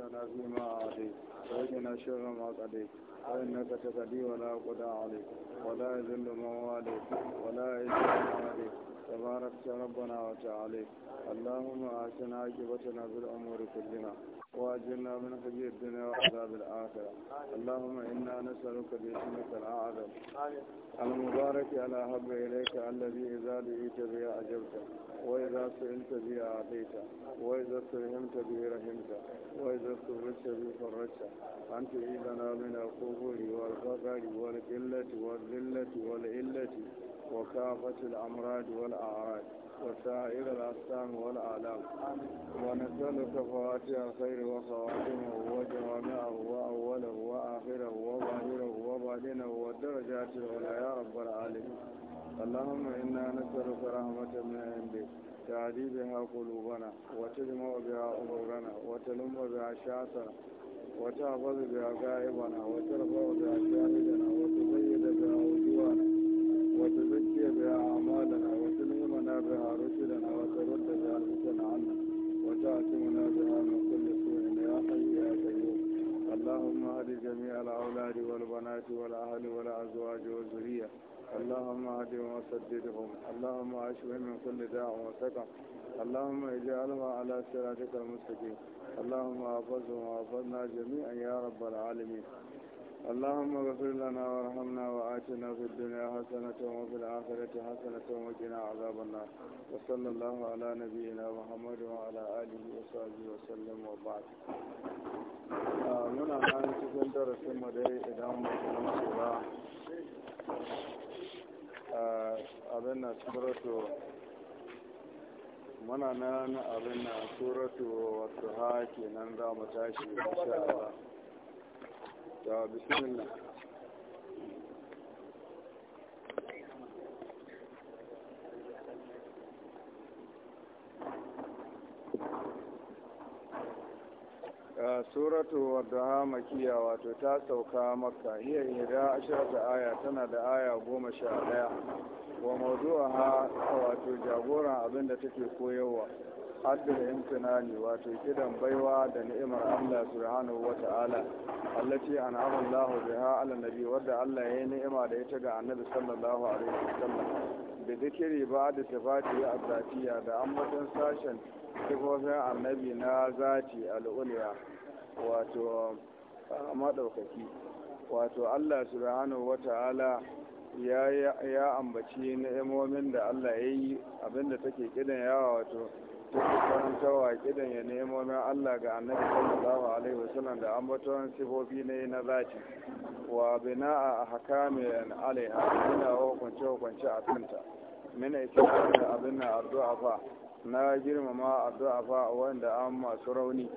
لنا فيما عليك وإنا شر ما قضيت فإنك تقضي ولا قضى عليك ولا يذل من واليك ولا يذل من عليك تباركت ربنا وتعاليك اللهم آتنا عاقبتنا في الأمور كلها وأجرنا من خزي الدنيا وعذاب الآخرة اللهم إنا نسألك باسمك الأعظم المبارك على حب إليك الذي إذا دعيت به أجبت وإذا سئلت به أعطيت وإذا استرهمت به رحمت وإذا استفرجت به فرجت أن تعيدنا من القبور والفقر والقلة والذلة والعلة وكافة الأمراض والأمراض والأعراج وسائر الأقسام والآلام ونسألك فواتح خير وخواتمه وجوامعه وأوله وآخره وظاهره وباطنه والدرجات العلى يا رب العالمين اللهم إنا نسألك رحمة من عندك تعدي بها قلوبنا وتجمع بها أمورنا وتلم بها شاسنا وتحفظ بها غائبنا وترفع بها شاهدنا بها رشدنا وترد بها عنا وتأتمنا بها من كل سوء يا حي يا قيوم اللهم اهد جميع الأولاد والبنات والأهل والأزواج والذرية اللهم اهدهم وسددهم اللهم اشفهم من كل داع وسقم اللهم اجعلها على صراطك المستقيم اللهم احفظهم واحفظنا جميعا يا رب العالمين اللهم اغفر لنا وارحمنا وآتنا في الدنيا حسنة وفي الآخرة حسنة وقنا عذاب النار وصلى الله على نبينا محمد وعلى آله وصحبه وسلم وبعد muna nan cikin darasin mu dai idan mutum sura abin na suratu muna nan abin na suratu wasu ha kenan za mu tashi insha Allah ta bismillah uh, suratu wadda makiya wato ta sauka maka iya hira da aya tana da aya goma sha daya wa mawdu'a ha wato jagoran abinda take koyarwa haddar imtinani wato kidan baiwa da ni'imar Allah subhanahu wa ta'ala allati an'ama Allahu biha ala nabi wadda Allah ya yi ni'ima da ita ga annabi sallallahu alaihi wasallam da zikiri ba da sifati a zatiya da ambaton sashen sifofin annabi na zati al'uliya wato madaukaki wato Allah subhanahu wa ta'ala ya ambaci ni'imomin da Allah ya yi abinda take kidan yawa wato take karantarwa kidan ya nemo na Allah ga annabi sallallahu alaihi wasallam da ambaton sifofi ne na zaki. wa bina'a ahkami alaiha ina hukunce hukunce a kanta min da abin na addu'a fa na girmama addu'a fa wanda an masu rauni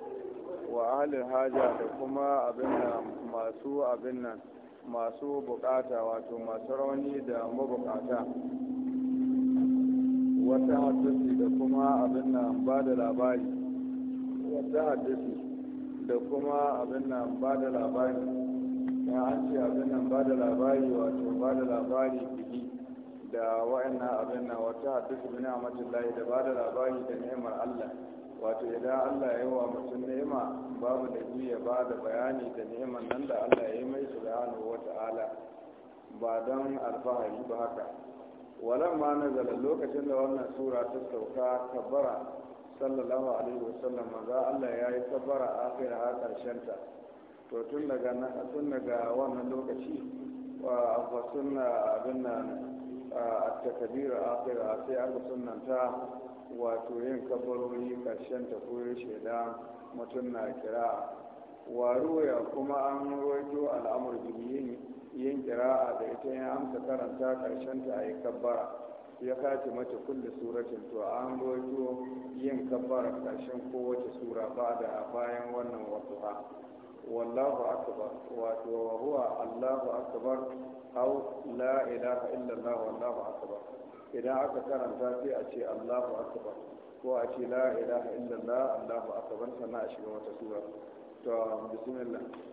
wa ahlil haja da kuma abin na masu abin nan masu bukata wato masu rauni da mabukata wata haddisi da kuma abin nan ba da labari wata haddisi da kuma abin nan ba da labari ya an ce abin nan ba da labari wato ba da labari biki da wa'annan abin nan wata haddisi bi ni'amatin layi da ba da labari da ni'imar Allah wato idan Allah ya yi wa mutum ni'ima babu da ya ba da bayani da ni'imar nan da Allah ya yi mai su da hannu wata ala ba don alfahari ba haka walamma nazala lokacin da wannan sura ta sauka kabbara sallallahu alaihi wasallam maza Allah ya yi kabbara akhir ha karshen ta to tun daga wannan lokaci wa fa sunna abin nan at-takbir akhir sai sunan ta wato yin kabbarori karshen ta ko shaida mutum na kira wa ruya kuma an rojo al'amur bihi yin kira'a da ita yin amsa karanta karshen ta ayi yi kabbara ya kace mace kulle suratin to an rojo yin kabbara karshen kowace sura ba da bayan wannan wasuha wallahu akbar wato wa huwa allahu akbar aw la ilaha illallah wallahu akbar idan aka karanta sai a ce allahu akbar ko a ce la ilaha illallah allahu akbar sana a shiga wata sura to bismillah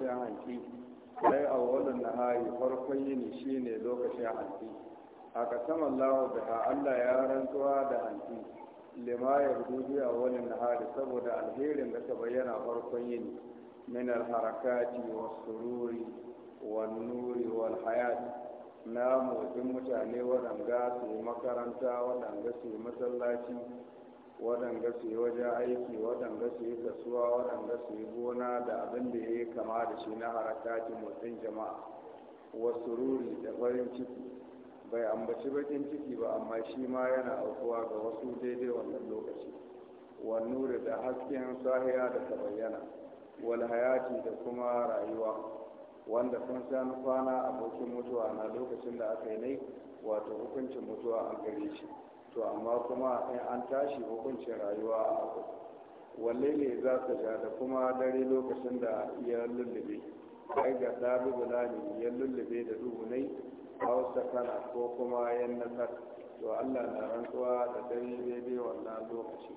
lokacin hanki sai a wannan nahayi farkon yini shine lokacin hanki a kasam Allah da Allah ya rantsuwa da hanki lima ya a wannan nahayi saboda alherin da ta bayyana farkon yini min alharakati wasururi wan nuri wal hayat na motsin mutane waɗanda su makaranta waɗanda su masallaci waɗanda su yi waje aiki waɗanda su yi kasuwa waɗanda su yi gona da abin da ya yi kama da shi na harakatin motsin jama'a wasu ruri da farin ciki bai ambaci bakin ciki ba amma shi ma yana aukuwa ga wasu daidai wannan lokaci wannuri da hasken sahiya da ta bayyana wal hayati da kuma rayuwa wanda sun san kwana abokin mutuwa na lokacin da aka yi nai wato hukuncin mutuwa an gare shi to amma kuma in an tashi hukuncin rayuwa a abu Wanne ne za su ja da kuma dare lokacin da ya lullube ai ga ɗabi bulani ya lullube da a hausa kana ko kuma yan nasar to allah na rantsuwa da dare daidai wannan lokaci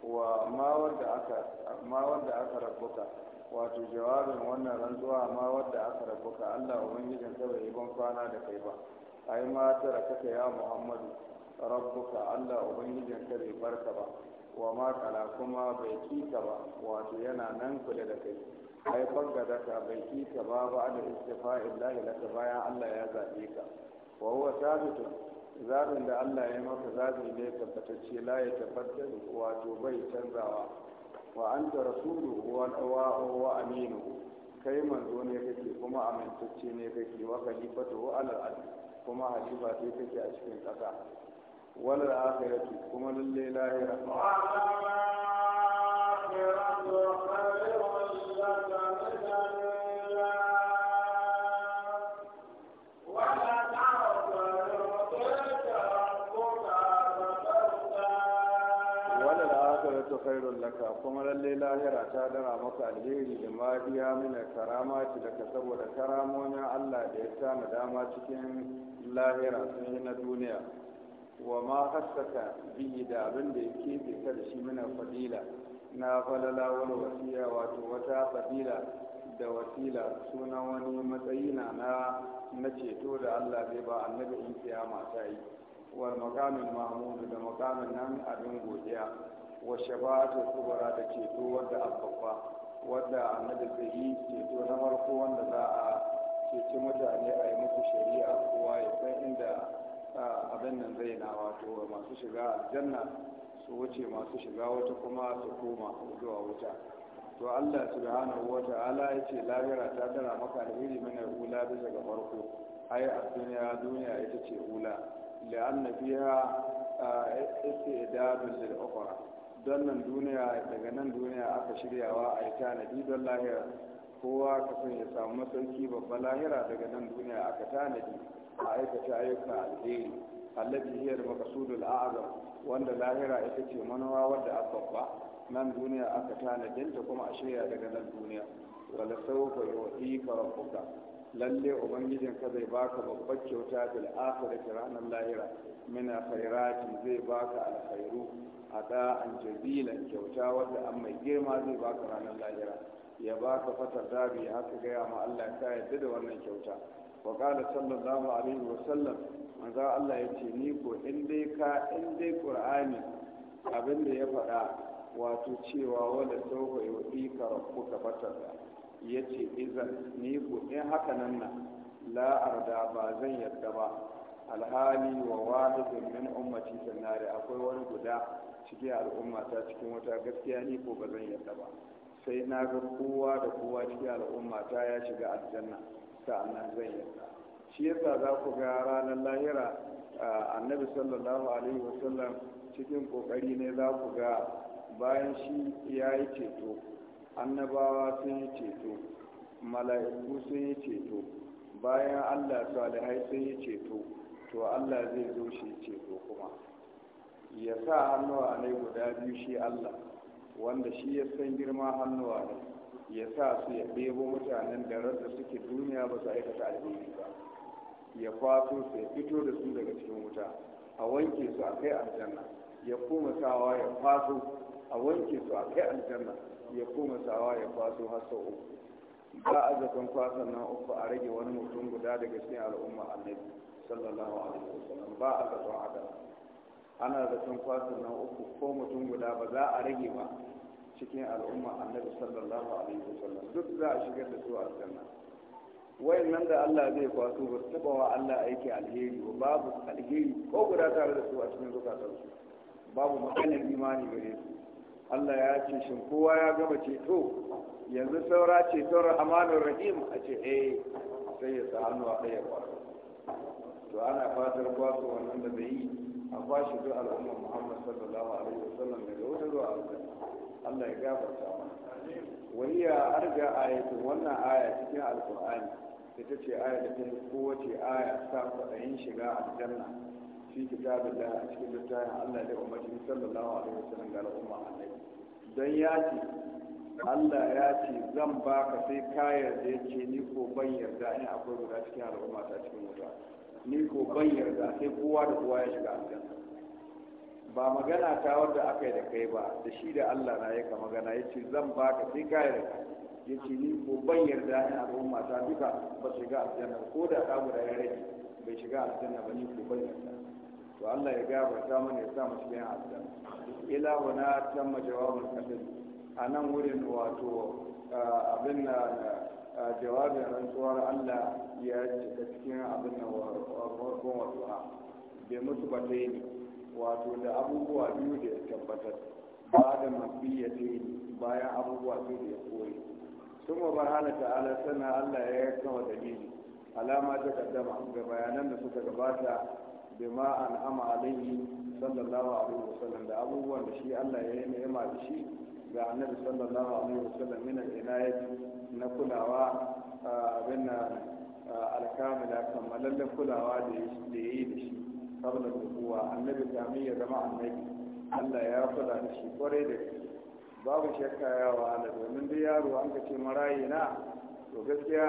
wa ma wanda aka rabuka wato jawabin wannan rantsuwa ma wanda aka rabuka allah ubangijin ka bai ban kwana da kai ba ai ma tara kaka ya muhammadu rabbuka Allah ubangijin ka bai barka ba wa ma kala kuma bai kika ba wato yana nan kula da kai ai da ka bai kika ba ba da istifa'i lahi laka bayan Allah ya zaɓe ka wa huwa sabitu zabin da Allah ya maka zabi ne tabbatacce la ya tabbatar wato bai canzawa wa anta rasulu wa wa aminu kai manzo ne kake kuma amintacce ne kake wa khalifatu ala al kuma halifa ce kake a cikin kasa wala akhiratu kuma lalle lahira kuma lalle lahira ta dara maka alheri da ma biya mina karama ci daga saboda karamomin Allah da ya tana dama cikin lahira sun yi na duniya wa ma hassaka bihi da abin da ya kefe shi mina fadila na falala wani wasiya wato wata fadila da wasila suna wani matsayi na ceto da Allah zai ba annabi in kiyama ta yi wal maqamin mahmud da abin godiya wa shafa'atu kubra da ceto wanda abba wanda annabi zai yi ceto na farko wanda za a ceci mutane a yi musu shari'a kowa ya san inda abin nan zai na wato masu shiga aljanna su wuce masu shiga wata kuma su koma zuwa wuta to Allah subhanahu wa ta'ala ya ce lahira ta tara maka alheri mana hula bisa ga farko ai a duniya duniya ita ce hula la'anna fiha istidadun da ukhra don nan duniya daga nan duniya aka shiryawa a yi tanadi don lahira kowa ka ya samu masauki babba lahira daga nan duniya aka tanadi a aikata ayyukan alheri allati hiya al-maqsudul a'zam wanda lahira ita ce manawa wadda aka babba nan duniya aka tanadinta kuma a shirya daga nan duniya wala sawfa yu'tika rabbuka lalle ka zai baka babbar kyauta bil akhirati ranar lahira min khairati zai baka alkhairu ada an jabilan kyauta wadda an mai girma zai baka ranar lahira ya baka fatar dabi haka gaya ma Allah ka yarda da wannan kyauta wa qala sallallahu alaihi wa sallam manzo Allah yace ni ko in dai ka in dai qur'ani abin da ya faɗa wato cewa wala sawfa yu'tika rabbuka fatarda yace izan ni ko in haka nan na la arda ba zan yarda ba alhali wa wahidun min ummati sannari akwai wani guda cikin al'ummata cikin wata gaskiya ni ko ba zan yarda ba sai na ga kowa da kowa cikin al'ummata ya shiga aljanna sa'annan zai yi shi yasa za ku ga ranar lahira annabi sallallahu alaihi wasallam cikin kokari ne za ku ga bayan shi ya yi ceto annabawa sun yi ceto mala'iku sun yi ceto bayan allah salihai sun yi ceto to allah zai zo shi ceto kuma ya sa hannuwa ne guda biyu shi allah wanda shi ya san girma hannuwa ne ya sa su ya ɗebo mutanen da rasa suke duniya ba su aikata alheri ba ya kwaso su ya fito da su daga cikin wuta a wanke su a kai aljanna ya koma sawa ya kwaso a wanke su a kai aljanna ya koma sawa ya kwaso har sau uku ba a zaton kwasan nan uku a rage wani mutum guda daga cikin al'umma annabi sallallahu alaihi wasallam ba a zaton haka ana zaton kwasan nan uku ko mutum guda ba za a rage ba cikin al'umma annabi sallallahu alaihi wasallam duk za a shigar da su a aljanna nan da Allah zai kwaso ba taba wa Allah aiki alheri ba babu alheri ko guda tare da su a cikin zukatan su babu maganar imani gare su Allah ya ce shin kowa ya gaba ceto yanzu saura ceton rahmanur rahim a ce eh sai ya sa hannu a ɗaya kwaso to ana fatar kwaso wannan da bai yi a kwashe duk al'umma Muhammad sallallahu alaihi wasallam daga wata zuwa aljanna Allah ya gafarta mana waliya arga ayatu wannan aya cikin alqur'ani ita ce aya da ta kowace aya ta kwaɗayin shiga aljanna fi kitabin da a cikin littafin Allah da umarci sallallahu alaihi wasallam ga al'umma annabi don ya ce Allah ya ce zan baka sai ka yarda yake ni ko ban yarda in akwai guda cikin al'umma ta cikin wuta ni ko ban yarda sai kowa da kowa ya shiga aljanna ba magana ta wanda aka yi da kai ba da shi da Allah na yaka magana ya ce zan ba ka sai ka yarda ya ce ni ko ban yarda in al'umma ta duka ba shiga aljanna ko da ta guda ya rage bai shiga aljanna ba ni ko ban yarda to Allah ya ta mana ya sa mu cikin aljanna ila wana tamma jawabul a nan wurin wato abin na jawabin rantsuwar Allah ya cika cikin abin na wa wato bai mutu ba ta yi wato da abubuwa biyu da ya tabbatar ba da mafiya ne bayan abubuwa biyu da ya koyi sun wa bahana ta'ala sana allah ya yi kawo dalili alama ta kaddama ga bayanan da suka gabata bima an ama alaihi sallallahu alaihi wasallam da abubuwan da shi allah ya yi ni'ima da shi ga annabi sallallahu alaihi wasallam min al-inayati na kulawa abin na alkamila kammalalle kulawa da ya yi da shi da kuwa annabi sami ya zama annabi Allah ya kula da shi kwarai da shi babu shakka ya wahala domin da yaro an ka ce marayi na to gaskiya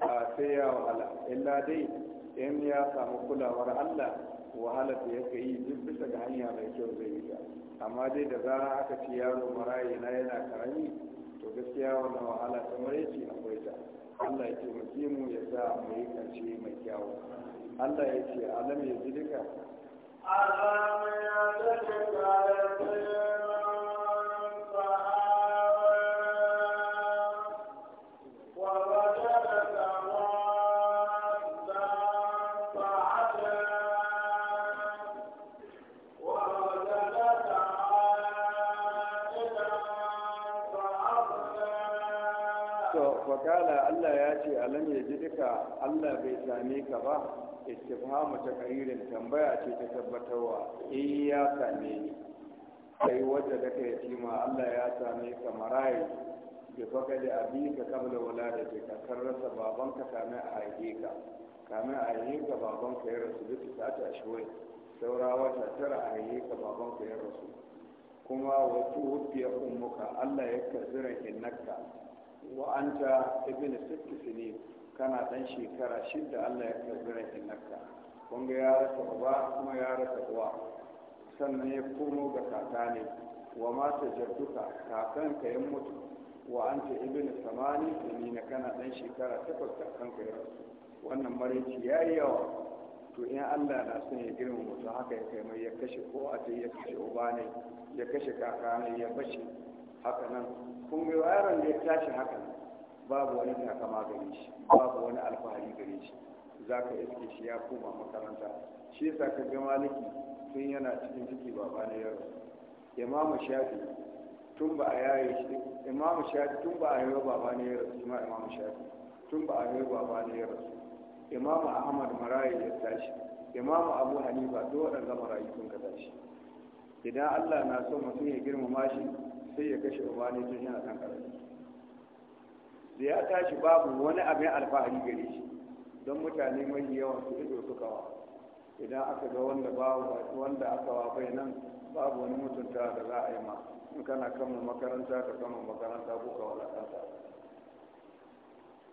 a sai ya wahala illa dai in ya samu kulawar Allah wahala da yake yi duk bisa ga hanya mai kyau zai yi ta amma dai da zara aka ce yaro marayi na yana karami to gaskiya wannan wahala ta yake akwai ta Allah ya taimake mu ya sa mu yi ƙarshe mai kyawu Allah ya ce alam ya ji duka alam ya ji kala Allah ya ce alam ya ji duka Allah bai same ka ba istifhamu ta karirin tambaya ce ta tabbatarwa in eh, ya same ni kai wadda da kai tima Allah ya same ka marayi bi faka da abinka kabla wala da ce ka kan rasa babanka kamin a haife ka kamin a haife ka babanka ya rasu duk ta ta shiwai saura wata tara a haife ka babanka ya rasu kuma wasu hubbiyar ummuka Allah ya kaziran innaka wa anta ibn sitti sinin kana dan shekara shidda Allah ya karbi rahin naka Kunga ya rasa uba kuma ya rasa uwa sannan ya komo ga kaka ne wa mata jarduka kakan ka yi mutu wa anta ibn samani na kana dan shekara takwas kakan ka ya rasu wannan maraici ya yi yawa to in allah na son ya girma mutu haka ya kai mai ya kashe ko a ya kashe uba ne ya kashe kaka ne ya bashi haka nan kun ga yaron da ya tashi haka babu wani takama gare shi babu wani alfahari gare shi za ka iske shi ya koma makaranta shi yasa ka ga maliki tun yana cikin ciki ba na yaro imamu shafi tun ba a yaye shi imamu shafi tun ba a yaye na yaro ma imamu shafi tun ba a yaye ba na yaro imamu ahmad marayi ya tashi imamu abu hanifa duk waɗanda marayi sun ka tashi idan allah na so mutum ya girmama shi sai ya kashe umarni sun tun yana kan karfi da ya tashi babu wani abin alfahari gare shi don mutane mai yawan su ido suka kawa idan aka ga wanda babu wanda aka wa nan babu wani mutunta da za a yi ma in kana kama makaranta ka kama makaranta ko ka walakanta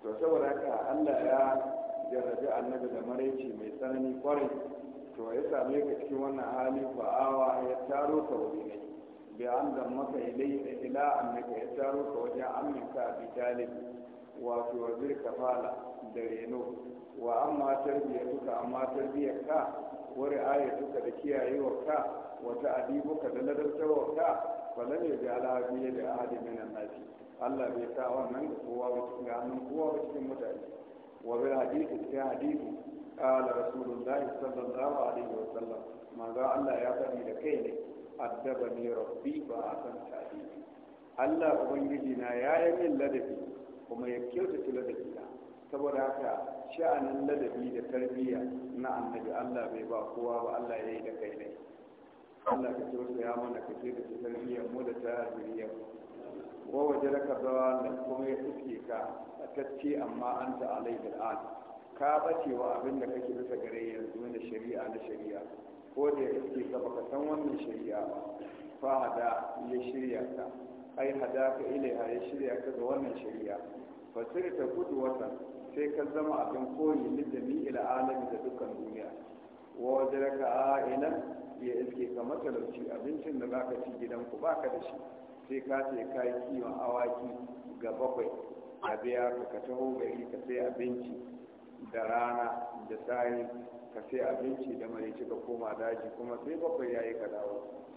to saboda haka Allah ya jarrabi annabi da maraici mai tsanani kwarai to ya same ka cikin wannan hali ba'awa ya taro ka wuri ne bi an maka ilai ila annaka ya taro ka wajen aminka a bitalib wato wazir kafala da reno wa amma tarbiyyatuka amma wuri wa suka da kiyaye wa ka? da ladabtarwarka falan yaji alhabi da ahadi minan nasi Allah bai sa wannan ga kowa ba cikin hannun kowa ba cikin mutane wa bil hadisi cikin hadisi qala rasulullahi sallallahu alaihi wa sallam manzo Allah ya faɗi da kai ne addaba ne rabbi ba a san tafi. Allah ubangiji na ya yi min ladabi kuma ya kyautata ladabi na saboda haka sha'anin ladabi da tarbiyya na annabi Allah bai ba kowa ba Allah ya yi da kai ne Allah ka kyautata ya mana ka kyautata tarbiyyar mu da ta zuriyar wa waje zawa nan kuma ya fuske ka tacce amma an ta alai bil'ad ka bace wa abin da kake bisa gare yanzu na shari'a na shari'a ko da ya kake ka baka san wannan shari'a fa hada ya shirya ka ai hada ka a ya shirya ka ga wannan shari'a fa ta gudu wata sai ka zama abin koyi lidami ila alami da dukkan duniya wa a ina ya iske ka matalauci abincin da zaka ci gidan ku baka da shi sai ka ce ka yi kiwon awaki ga bakwai a biya ka taho gari ka sai abinci da rana da sari ka sai abinci da mai ga koma daji kuma sai bakwai ya yi ka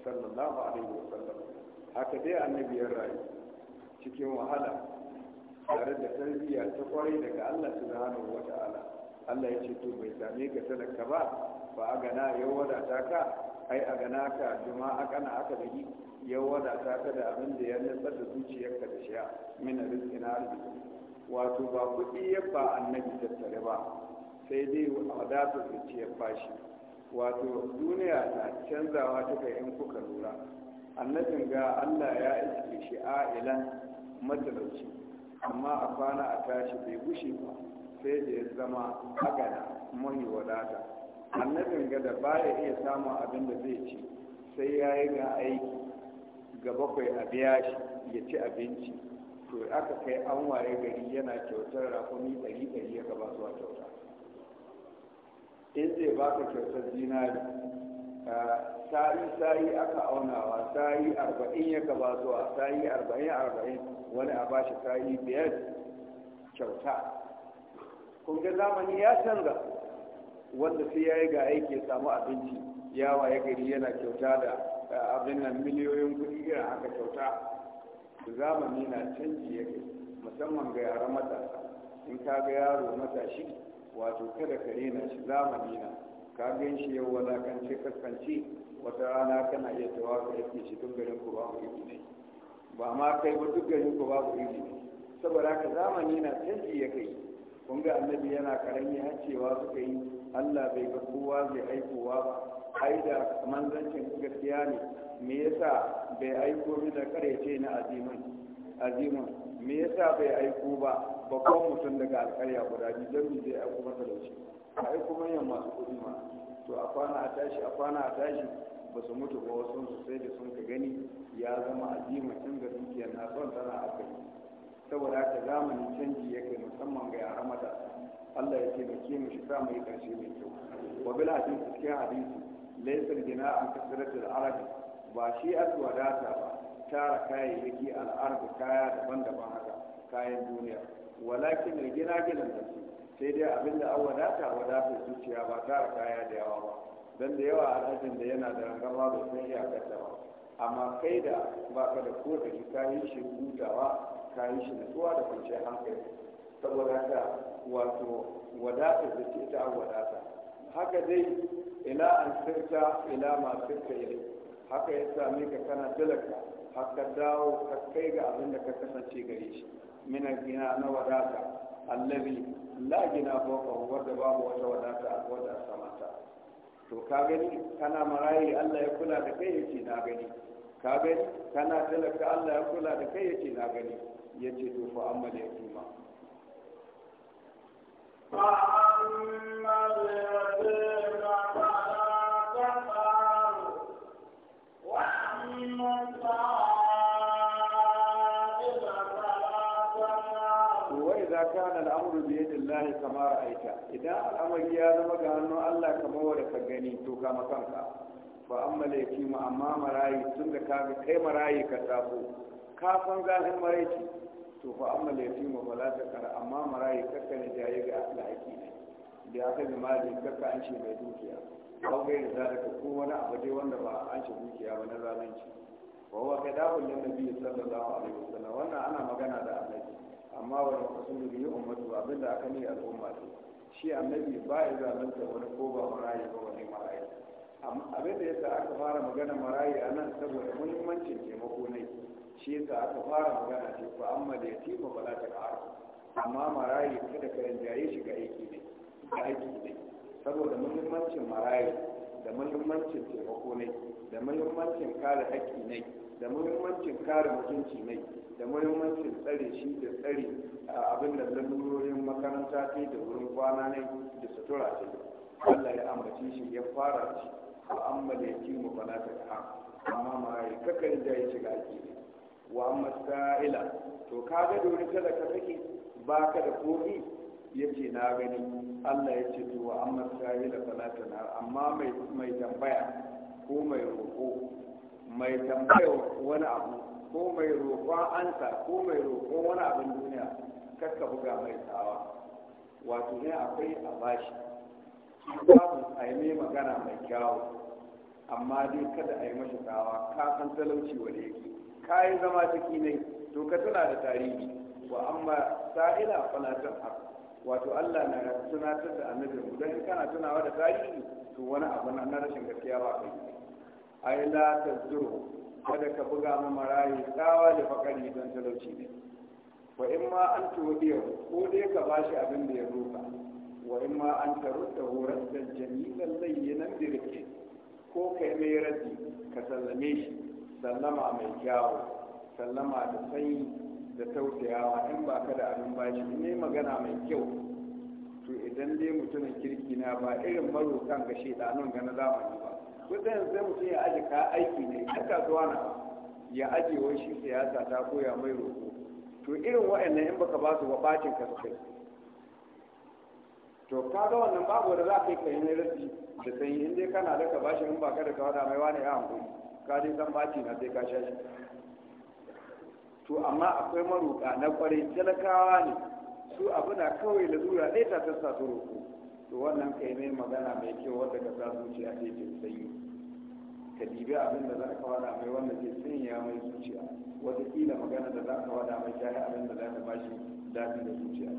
sallallahu alaihi wasallam haka dai annabi ya rayu cikin wahala tare da tarbiyya ta kwarai daga Allah subhanahu wata'ala Allah ya ce to bai same ka talaka ba ba a gana ya wadata ka ai a gana ka jama'a a kana aka bigi ya wadata ka da abin da ya nutsar da zuciyarka da shiya min rizqina arziki wato ba kuɗi ya ba annabi tattare ba sai dai wadata zuciyar fashi wato duniya na canzawa ta in kuka lura annabin ga allah ya iske shi ilan matalauci amma a kwana a tashi bai gushe ba sai da ya zama agana mahi wadata annabin ga da baya iya samun abin da zai ci sai ya yi ga aiki ga bakwai a biya shi ya ci abinci to aka kai an waye gari yana kyautar rakumi ɗari ɗari ya gaba zuwa kyauta in zai baka kyautar dinari sa'i sa'i aka aunawa sa'i arba'in ya gaba zuwa sa'i arba'in arba'in wani a ba shi sa'i biyar kyauta Kuma zamani ya canza wanda sai ya yi ga aiki samu abinci yawa ya gari yana kyauta da abin nan miliyoyin kuɗi irin haka kyauta zamani na canji yake musamman ga yaran matasa in ka ga yaro matashi wato kada ka rena shi zamani na ka gan shi yau wadakance kaskanci wata rana kana iya tawa ka yake shi tun garin ku babu iri ne ba ma kai ba duk garin ku babu iri ne saboda haka zamani na canji ya kai kun ga annabi yana karami har cewa suka yi Allah bai ga kowa zai aikowa ba ai da manzancin gaskiya ne me yasa bai aiko mi da karece na azimin azimin me yasa bai aiko ba babban mutum daga alƙarya guda biyu don zai aiko shi a aiko manyan masu kuɗi ma to a kwana a tashi a kwana a tashi ba su mutu ba wasu su sai da sun ka gani ya zama azimin tun ga dukiyar na son tana a kai saboda haka zamanin canji ya kai musamman ga yara mata Allah ya taimake mu shi sa mu yi ƙarshe mai kyau wa bil hadisi cikin hadisi laysal gina an da arabi ba shi wadata ba tara kayayyaki al'arba kaya daban-daban haka kayan duniya walakin ne gina gina su sai dai abin da an wadata wadatar zuciya ba a kaya da yawa ba don da yawa a rajin da yana da rangama bai iya kasa ba amma kai da baka da ko da ka yi shi hutawa ka yi shi nutsuwa da kwanciyar hankali saboda haka wato wadatar da ce ita an wadata haka dai ila an sirta ila ma sirta ilai haka ya same ka kana talaka haka dawo ka kai ga abin da ka kasance gare shi min gina ghina na wadata allazi la gina fawqahu wadda babu wata wadata wadda samata to ka gani kana marayi Allah ya kula da kai yace na gani ka kana talaka Allah ya kula da kai yace na gani yace to fa amma da yatima fa idan al'amari ya zama ga hannun Allah kamar wadda ka gani to ka makanka ba an laifi ma amma marayi tun da ka ga kai marayi ka sabo ka san zafin maraici to fa amma laifi ma bala ta kara amma marayi kakka ne jaye ga alhaki ne da ya kai zama da kakka an ce mai dukiya ba kai da ka ko wani abu dai wanda ba an ce dukiya ba na zalunci wa huwa da nabi sallallahu alaihi wasallam wannan ana magana da annabi amma wa rasulullahi ummatu abinda aka ne al'umma ce shi annabi ba ya zalunta wani ko ba marayi ba wani marayi abin da yasa aka fara magana marayi a nan saboda muhimmancin taimako ne shi yasa aka fara magana ce fa ya da yatima bala ta ƙara amma marayi kada ka rinjaye shi ga aiki ne ga aiki ne saboda muhimmancin marayi da muhimmancin taimako ne da muhimmancin kare haƙƙi ne da muhimmancin kare mutunci ne da muhimmancin tsare shi da tsare abin da lalurorin makaranta ce da wurin kwana ne da sutura ce Allah ya ambaci shi ya fara shi wa amma da ci mu bala ta ka amma ma mai kakan da ya shiga ake wa amma sa'ila to ka ga dole kada ka saki baka da kofi yace na gani Allah ya ce to wa amma sa'ila bala ta na amma mai mai tambaya ko mai roƙo mai tambaya wani abu ko mai roƙon ansa ko mai roƙon wani abin duniya kakka buga mai tsawa wato ne akwai a bashi babu a yi mai magana mai kyawu amma dai kada a yi mashi tsawa ka san talauci wa ne ka yi zama ciki ne to ka tuna da tarihi wa amma sa'ila falatan haka wato Allah na tunatar da annabi mu dan kana tunawa da tarihi to wani abu na rashin gaskiya ba kai ai la tazuru kada ka buga ma marayi tsawa da fakari don talauci ne wa in ma an tuɗiya ko dai ka ba shi abin da ya roƙa wa in ma an tarutta horar da jami'an da birke ko kai mai raddi ka sallame shi sallama mai kyawu sallama da sanyi da tausayawa in ba ka da abin ba shi ne magana mai kyau to idan dai mutumin kirki na ba irin marokan ga shaidanun ga na zamani ba kudin zai mutum ya aji ka aiki ne a kasuwa na ya aji wai shi siyasa ta koya mai roƙo to irin wa'annan in baka ba su ba bacin ka su kai to ka wannan babu wanda za ka yi kayan da sanyi in dai kana da ka bashi in baka da ka wada mai wani ya hankali ka dai san baci na sai ka sha shi to amma akwai maruƙa na kwarai talakawa ne su abu na kawai lalura ɗaya ta tassa su roƙo to wannan kai ne magana mai kyau wadda ka sa zuciya ce jin sanyi ka dibi abin da za ka wada mai wanda ke sanya mai zuciya wataƙila magana da za ka wada mai yi abin da za ka bashi daɗi da zuciya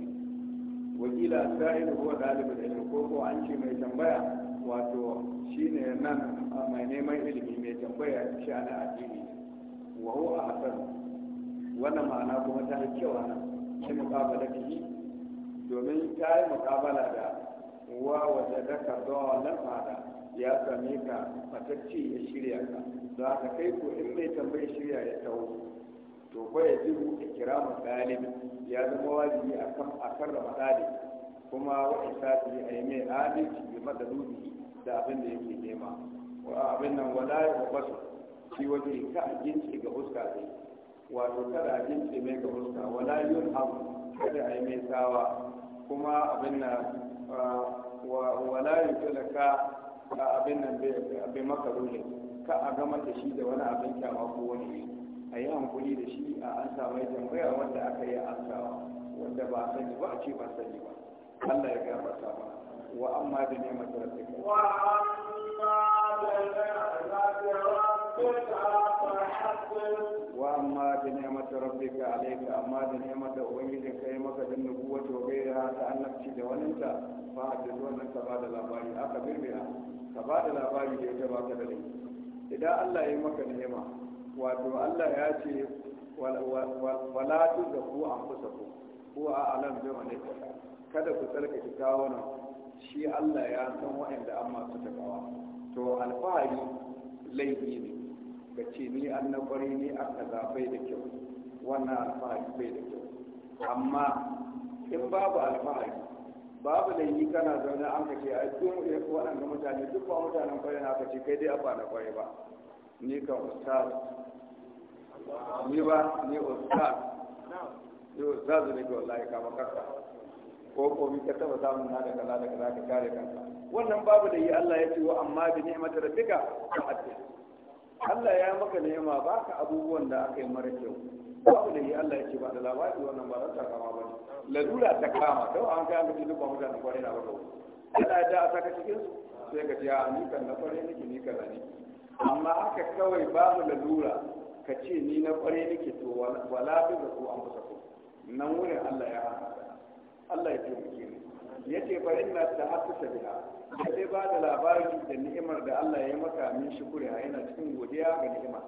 wakila kuma huwa da ilm ko ko an ce mai tambaya wato shine nan mai neman ilimi mai tambaya na addini wa a hasan wannan ma'ana kuma ta yi kyau nan shi muqabalatihi domin ta yi muqabala da wa wajadaka dalan hada ya same ka matacce ya shirya ka za ka kai ko in mai tambayi shirya ya tawo to ko ya ji kira mu dalibi ya zama wajibi a kan a karrama dalibi kuma wa isafi a yi mai adalci bi madalubi da abin da yake nema wa abin nan wala ya su shi waje ka jinci ga huska ne wato kada a jinci mai ga huska wala yun abu kada a yi mai tsawa kuma abin nan ah, wala yutula ka a abin nan bai maka dole ka a gama da shi da wani abin kyama ko wani a yi hankuli da shi a an samu ya tambaya wanda aka yi an sawa wanda ba a sani ba a ce ba sani ba Allah ya ta ba wa amma da neman da rabbika wa amma da neman da rabbika واما بنعمه ربك عليك اما بنعمه ubangijin kai maka da nubuwa to gaira ta annabci da waninta fa hadis wannan ka bada labari aka birbira ka bada labari da ya baka da laifi idan Allah ya maka ni'ima wato Allah ya ce walatu da ku wala tuzaku anfusakum a a'lam bi man kada ku tsarkake kawunan shi Allah ya san waɗanda an masu takawa to alfahari laifi ne ga ce ni annabari ne ka zafai da kyau wannan alfahari bai da kyau amma in babu alfahari babu da yi kana zaune an kace a cikin waɗanda mutane duk ba mutanen kwarai na kace kai dai abba na kwarai ba ni ka ustaz ni ba ni ustaz ni ustaz ne ga wallahi kama kasa ko ko mi ka taba samu na da kala da kala ka kare kanka wannan babu da yi Allah ya ce wa amma bi ni'matar rabbika fa'addin Allah ya maka ni'ima baka abubuwan da aka yi mara kyau babu da yi Allah yake ba da labari wannan ba za ta kama ba ne lalura ta kama ta an kai an gaji duk ba mutane kwarai na ba kawai Allah ya da a saka cikin su sai ka ce a ni kan na kwarai nake ni kaza ne amma haka kawai babu lalura ka ce ni na kwarai nake to wala bi da ko an fasa ko nan wurin Allah ya haka Allah ya taimake ni ce fa inna biya. biha sai ba da labari da ni'imar da Allah ya yi maka min shukuri yana cikin godiya ga ni'imar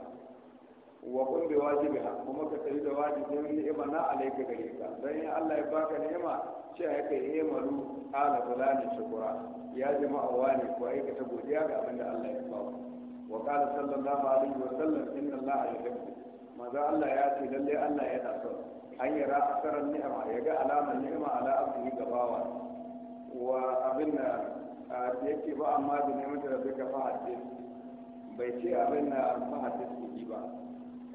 wa kun bi wajibi kuma ka tsayi da wajibin ni'ima na alaika gare ka dan in Allah ya baka ni'ima ce ya kai ni'imalu eh, ala fulani shukura ya jama'a wani ko ta godiya ga abinda da Allah ya bawa wa qala sallallahu alaihi wa sallam inna Allah yuhibbu maza Allah ya ce lalle Allah yana son an yi ra'asarar ni'ima ya ga alamar ni'ima ala abdihi gabawa wa abin da yake ba amma da ni'imar da bai ka fahadin bai ce abin da fahadin ba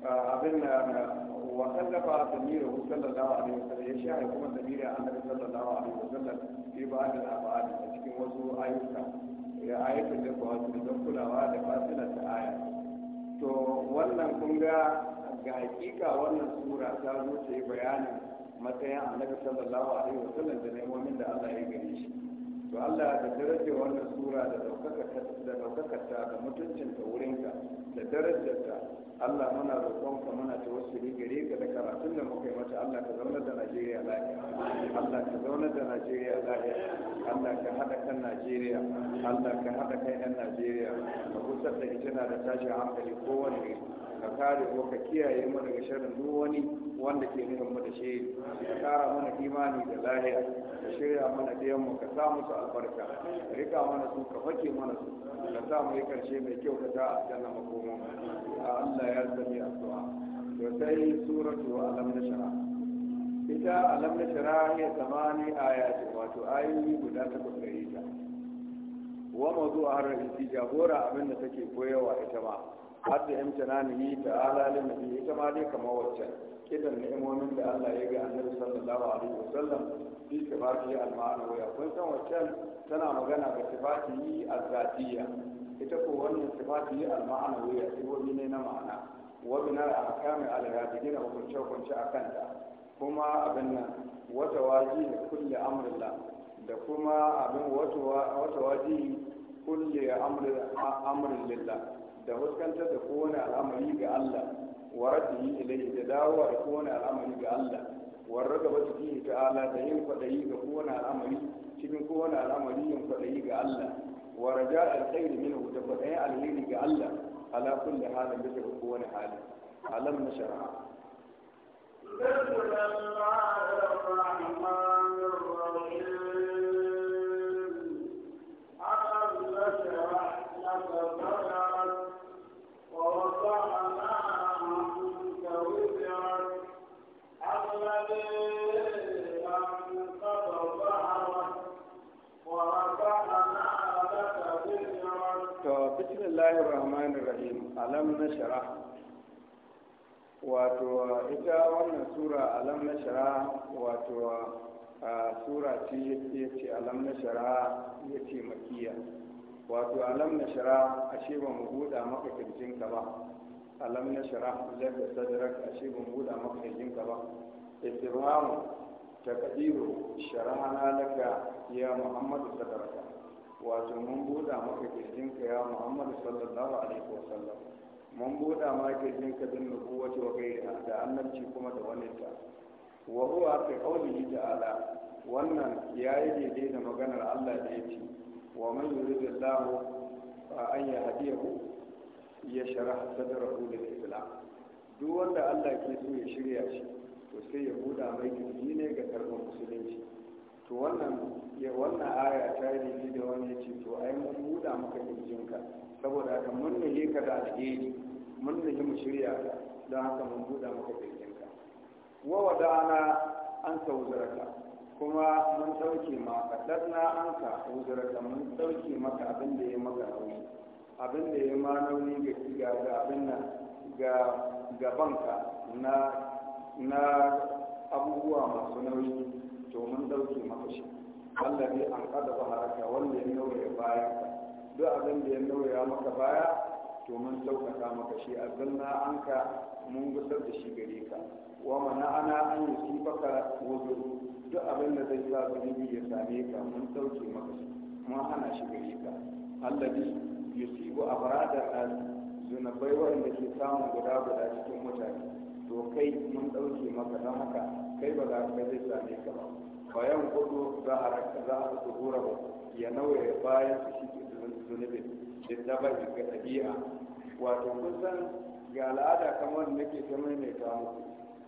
abin na wa da samirahu sallallahu alaihi wasallam ya ya kuma samira annabi a alaihi wasallam fi ba al-abad a cikin wasu ayyuka ya ayyukan da ba su don kulawa da fasila ta aya to wannan kun ga ga hakika wannan sura ta zo ta yi bayanin matsayin annabi sallallahu alaihi sallam da nemomin da Allah ya gani shi to Allah da darajar wannan sura da daukaka da daukaka ta da mutuncin ta wurinka da darajarta Allah muna ka muna tawassuli gare ka da karatun da muka yi mata Allah ka zauna da Najeriya lafiya Allah ka zauna da Najeriya lafiya Allah ka hada kan Najeriya Allah ka hada kai ɗan Najeriya ka kusar da ita na da a hankali kowane ne ka kare ko ka kiyaye mu daga sharrin duk wani wanda ke nufin mu da shi ka kara mana imani da lahiya ka shirya mana biyan mu ka sa musu albarka rika mana su ka fake mana su ka sa mu yi karshe mai kyau ka sa aljanna makoma Allah ya sani addu'a to sai suratu alam nashra ita alam shara ne zamani a ayati wato ayoyi guda takwas gare ta wa mawdu'a ar-rahisi jagora abin da take koyarwa ita ma har da imtinani ta'ala lin nabi ita ma dai kamar waccan idan ni'imomin da Allah ya ga annabi sallallahu alaihi wasallam fi tifati al-ma'anawiya kun san waccan tana magana ga tifati al-zatiyya ita ko wannan tifati al-ma'anawiya sibobi ne na ma'ana wa binar ahkami al-ghadigina hukunce hukunce akan ta kuma abin nan wata waji da kulli amrillah da kuma abin wata waji kulli amrillah da huskantar da kowane al'amari ga Allah wa raddihi ilayhi da dawowa da kowane al'amari ga Allah wa ragaba fihi ta'ala da yin kwadayi ga kowane al'amari cikin kowane al'amari yin kwadayi ga Allah wa raja alkhairi minhu da kwadayi alheri ga Allah ala kulli halin bisa ga kowane hali alam na shari'a. wato ita wannan sura alam na shara wato a sura ce ya ce alam na shara ya ce makiya wato alam na shara ashe ba mu buɗa maka kirjinka ba alam na shara laka a ashe ba mu buɗa maka kirjinka ba istibhamu taqdiru sharahana laka ya muhammadu sadarka wato mun buɗa maka kirjinka ya muhammadu sallallahu alaihi wasallam mun buɗa ma kirjin ka bin wa gairiha da annabci kuma da wani ta wa huwa fi qawlihi ta'ala wannan yayi daidai da maganar Allah da yake wa man Allah an ya sharah sadrahu lil islam duk wanda Allah ke so ya shirya shi to sai ya buɗa mai kirji ne ga karɓar musulunci to wannan ya wannan aya ta yi da wani ya ce to ai mun buɗa maka kirjinka saboda haka mun nahi ka da alheri mun nahi mu shirya don haka mun buɗa maka kirjinka wa wadana an wuzarka kuma mun ɗauke ma kaɗarna an ka wuzarka mun ɗauke maka abin da ya maka nauyi abin da ya ma nauyi ga abin nan ga gabanka na na abubuwa masu nauyi to mun dauke maka shi Allah ne an kada haraka wanda ya nauye bayan ka duk abin da ya nauya maka baya to mun sauƙaƙa maka shi azanna an ka mun gusar da shi gare ka wa mana ana an yi sifaka wuzu duk abin da zai sa zunubi ya same ka mun sauke maka shi mun hana shi gare ka allabi yusibu abrada al zunubai wanda ke samun guda guda cikin mutane to kai mun ɗauke maka don haka kai ba za ka zai same ka ba bayan gudu za a raka za a tsohura ba ya nauye bayan su shi zunubin da daba ga ɗabi'a wato kusan ga al'ada kamar nake ta maimaita muku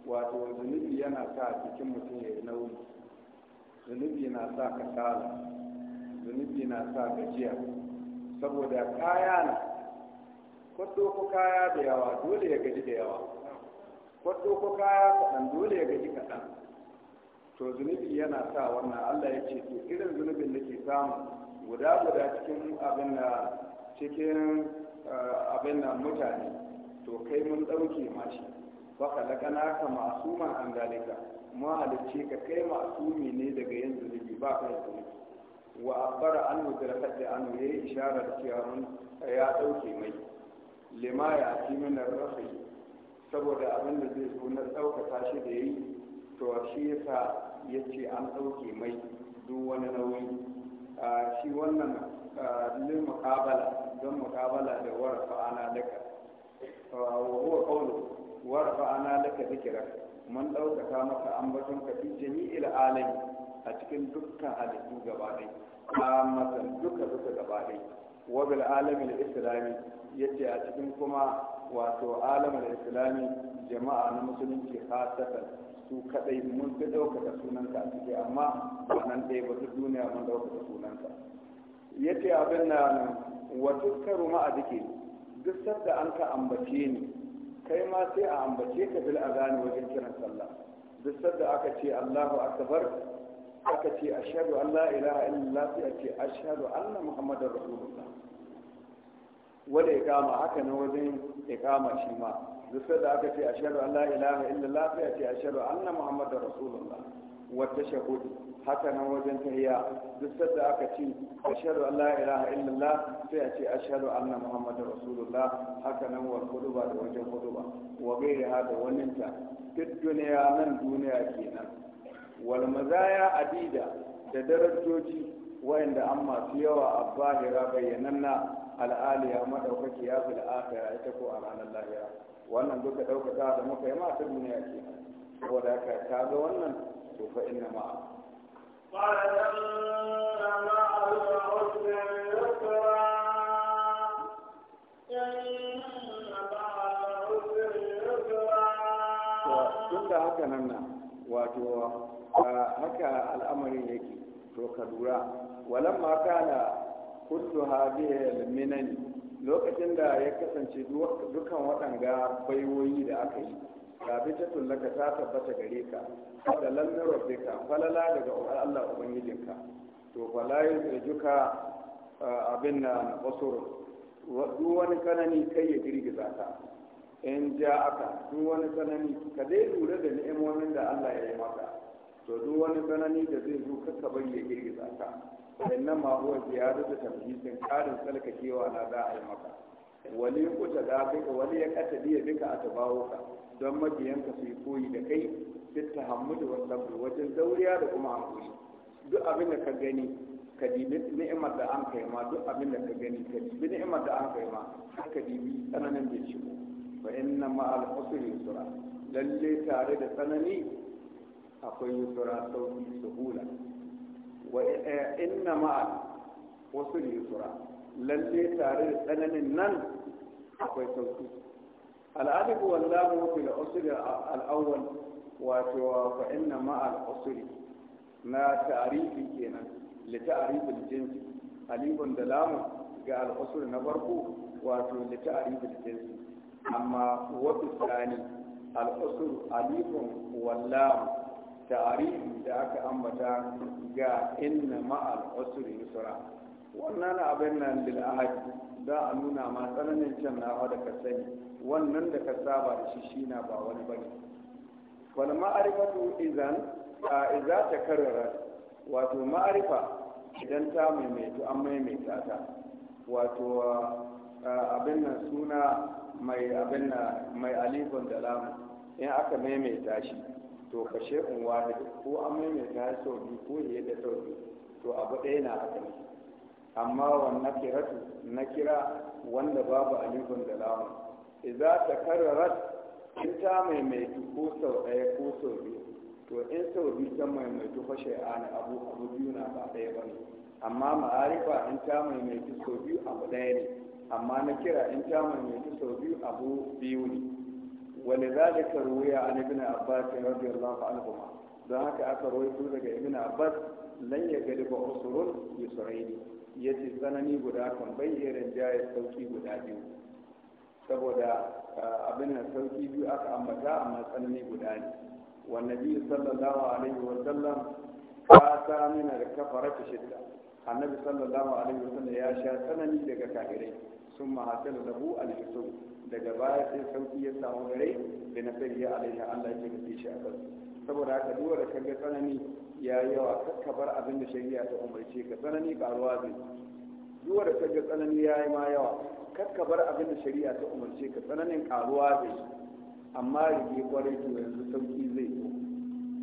wato zunubi yana sa cikin mutum ya yi nauyi zunubi na sa kasala zunubi na sa gajiya saboda kaya na ko kaya da yawa dole ya gaji da yawa wato ko kaya kaɗan dole ya gaji kaɗan to zunubi yana sa wannan allah ya ce to irin zunubin da ke samu guda guda cikin abin da cikin eh, abin da mutane to kai mun ɗauke mashi baka lakana ka masuman an dalika mu halicce ka kai masumi ne daga yin zunubi ba ka yi zunubi wa abbara wuce da an wuce yayi isharar cewa ya ɗauke mai lima ya fi min rafi saboda abin da zai zo na ɗaukaka shi da yi to shi yasa ya ce an ɗauke mai duk wani nauyi shi wannan lil muqabala don muqabala da warfa ana laka wa huwa qawlu warfa ana laka dhikra mun ɗaukata maka ambaton ka fi jami'il alai a cikin dukkan halittu gaba ɗaya a matan duka duka gaba ɗaya wabil bil alamil islami yace a cikin kuma wato alamul islami jama'a na musulunci khasatan su kadai mun fi ɗaukaka sunanka a ciki amma wannan dai ba su duniya mun ɗaukaka sunanka yace abin na wa karu ma a dike duk da an ka ambace ni kai ma sai a ambace ka bil gane wajen kiran sallah duk da aka ce Allahu akbar aka ce ashhadu Allah la ilaha illallah sai a ce Allah anna muhammadar rasulullah wanda ya kama haka nan wajen ya kama shi ma duk da aka ce ashhadu Allah la ilaha illallah sai a ce Allah anna muhammadar rasulullah wata shahudi haka nan wajen tahiya duk da aka ce ashhadu Allah la ilaha illallah sai a ce ashhadu anna muhammadar rasulullah haka nan wa kuduba da wajen kuduba wa gairi hada wannan ta duk duniya nan duniya kenan wal mazaya adida da darajoji wayanda an masu yawa a bahira bayyananna al'aliya ya fil akhirah ita ko a ranar lahira wannan duka daukaka da muka yi ma duniya ke saboda haka ka ga wannan to fa inna ma'a haka wato haka al'amarin yake to ka lura ma kana kullu hadhihi minani lokacin da ya kasance dukan waɗanga baiwoyi da aka yi gabi ta tullaka ta tabbata gare ka da lallar ka, falala daga Allah ubangijinka to da juka abin na basur duk wani kanani kai ya girgiza ka in ja aka duk wani kanani ka dai lura da ni'imomin da Allah ya yi maka to duk wani tsanani da zai zo kaka bari ya girgiza ka sannan ma huwa ziyaratu tamhisin karin tsalkakewa na za a yi maka Wani kuta da bika wali ya kata biya bika a tabawo ka don mabiyanka su yi koyi da kai fit tahammudu wa sabr wajen dauriya da kuma hankali duk abin da ka gani ka dibi ni'imar da an kai ma duk abin da ka gani ka dibi ni'imar da an kai ma ka dibi tsananin da ciwo fa inna ma al-usri yusra lalle tare da tsanani akwai yusura sauki suhula wa eh, inna ma wasu yusura lalle tare da tsananin nan akwai sauki al'adibu wallahu fil usri al-awwal wato fa inna ma al na ta'rifi kenan li ta'rif al jinsi alibun da lamu ga al na farko wato li ta'rif al jinsi amma wa tsani al-usri wallahu ta'arifi da aka ambata ga inna ma'al usri yusra wannan abin nan lil ahadi za a nuna ma tsananin can nawa da ka sani wannan da ka saba da shi shi na ba wani bane wal ma'arifatu idan a idza takarrara wato ma'arifa idan ta maimaitu an maimaita ta wato abin nan suna mai abin nan mai alifun da lamu in aka maimaita shi to ka in wahid ko an maimaita sau biyu ko ya da sau to abu ɗaya na a ne amma wannan kiratu na kira wanda babu alifun da lamun idza takarrarat in ta maimaitu ko sau ɗaya ko sau biyu to in sau biyu ta maimaitu fa shay'ani abu abu biyu na ba ɗaya ba ne amma ma'arifa in ta maimaitu sau biyu abu ɗaya ne amma na kira in ta maimaitu sau biyu abu biyu ne ولذلك روي عن ابن عباس رضي الله عنهما ذاك أكروي ذلك ابن عباس لن يغلب عسر يسرين yace tsanani guda kan bai irin jayar sauki guda biyu saboda abin da sauki biyu aka ambata amma tsanani guda ne wannan biyu sallallahu alaihi wa sallam ka ta mina da kafara ta shidda annabi sallallahu alaihi wa sallam ya sha tsanani daga kafirai sun mahatar da bu daga baya sai sauki ya samu rai da na ya alaihi Allah ya kike shi a kai saboda haka duk wanda kaga tsanani ya yi yawa kakka bar abin da shari'a ta umarce ka tsanani karuwa zai duk wanda kaga tsanani ya yi ma yawa kakka bar abin da shari'a ta umarce ka tsananin karuwa zai amma rige kwarai to yanzu sauki zai zo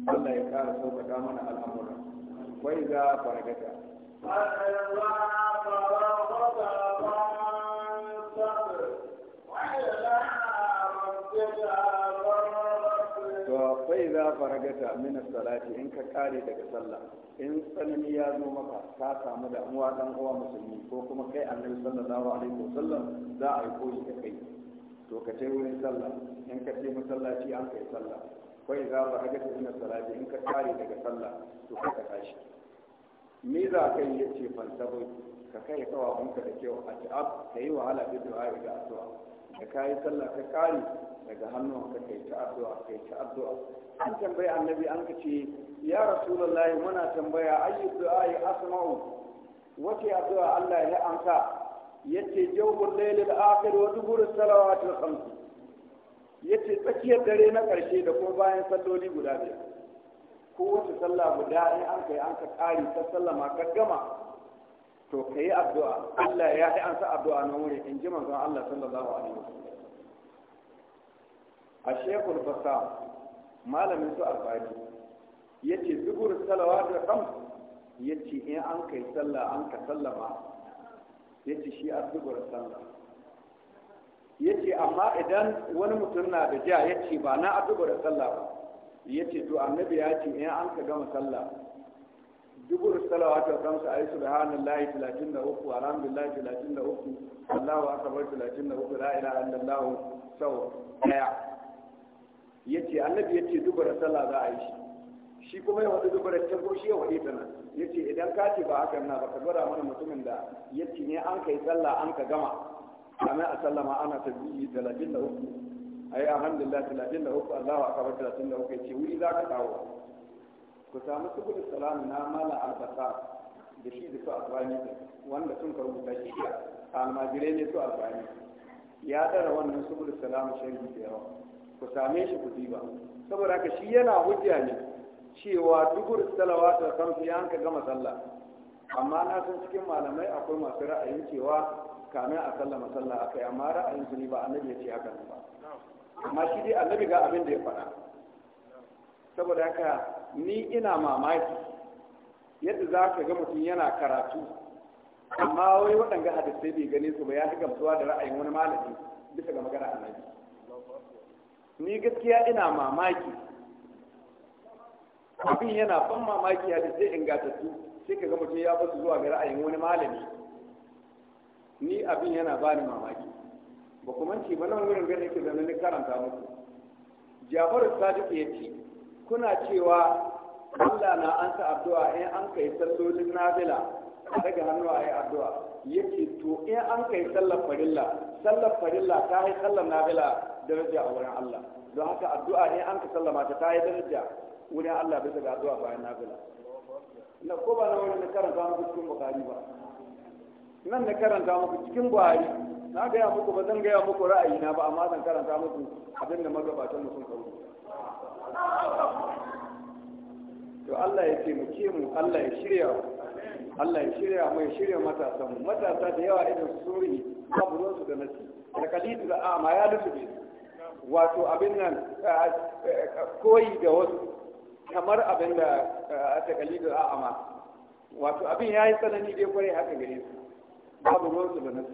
Allah ya kara sauƙaƙa mana al'amura wai za fargata. Allah hajata min salati in ka kare daga sallah in tsanani ya zo maka ka samu damuwa dan uwa musulmi ko kuma kai annabi sallallahu alaihi wasallam za a yi koyi da kai to ka tai wurin sallah in ka je masallaci an kai sallah kai za ba hajata min salati in ka kare daga sallah to ka tashi me za ka yi yace fansabai ka kai kawai ka da kyau a ta'ab kai wahala da du'a ga addu'a da kai sallah ka kare daga hannun ka kai ta addu'a kai ta addu'a an tambaya annabi an ka ce ya rasulullahi muna tambaya ayi du'a ya asma'u wace addu'a Allah ya amsa yace jawbul lailil akhir wa dubur salawat al khamsi yace tsakiyar dare na karshe da kuma bayan salloli guda biyar wace sallah guda in an kai an ka kari ta sallama ka gama to kai addu'a Allah ya yi an sa addu'a na wuri in ji manzon Allah sallallahu alaihi wasallam a shekul fasa malamin su alfahari ya ce zubur salawa da kam ya ce in an kai sallah an ka sallama ya ce shi a zubur sallah ya ce amma idan wani mutum na da ja ya ce ba na a zubur sallah ba ya ce to annabi ya ce in an ka gama sallah Salawa da salawatu kamsa ayi subhanallahi 33 alhamdulillahi 33 Allahu akbar 33 la ilaha illallah sau daya yace annabi yace dubara sallah za a yi shi shi kuma ya dubara ta ko shi ya ita nan. Ya yace idan ka ce ba hakan na ba ka gwada mana mutumin da yace ne an kai sallah an ka gama kamar a sallama ana tasbihi 33 ayi alhamdulillah 33 Allahu akbar 33 ce wuri za ka dawo ku samu subul salamu na mala albasa da shi da su albani wanda sun karuta shi almajirai ne su albani ya tsara wannan subul salamu sharhi da yawa ku same shi ku ba. saboda haka shi yana hujja ne cewa dukur salawa ta kamsu ya hanka gama sallah amma na san cikin malamai akwai masu ra'ayin cewa kamin a sallama sallah yi. amma ra'ayin su ne ba annabi ya ce haka ba amma shi dai annabi ga abin da ya faɗa saboda haka ni ina mamaki yadda za ka ga mutum yana karatu amma wai waɗanga hadisai bai gane su ba ya fi gamsuwa da ra'ayin wani malami bisa ga magana annabi ni gaskiya ina mamaki abin yana ban mamaki a sai ingatattu sai ka mutum ya basu zuwa ga ra'ayin wani malami ni abin yana ba ni mamaki ba kuma ce ba nan wurin gani ke zanen ni karanta muku jafaru sadiq ya ce kuna cewa Allah na an sa addu'a in an kai sallolin nafila daga hannu a yi addu'a yake to in an kai sallar farilla sallar farilla ta yi sallar nafila daraja a wurin Allah don haka addu'a ne an ka sallama ta yi daraja wurin Allah bisa ga addu'a bayan nafila na ko ba na wani na karanta muku cikin bukari ba nan na karanta muku cikin buhari na gaya muku ba zan gaya muku ra'ayi na ba amma zan karanta muku abinda magabatan mutum kawo to Allah ya ce mu Allah ya shirya Allah ya shirya mai shirya matasan mu matasa da yawa irin su suri babu ruwansu da nasi da kalitu da ama ya lusu wato abin nan koyi da wasu kamar abin da a takalidu a ama wato abin ya yi tsanani dai kwarai haka gare su babu ruwansu da nasu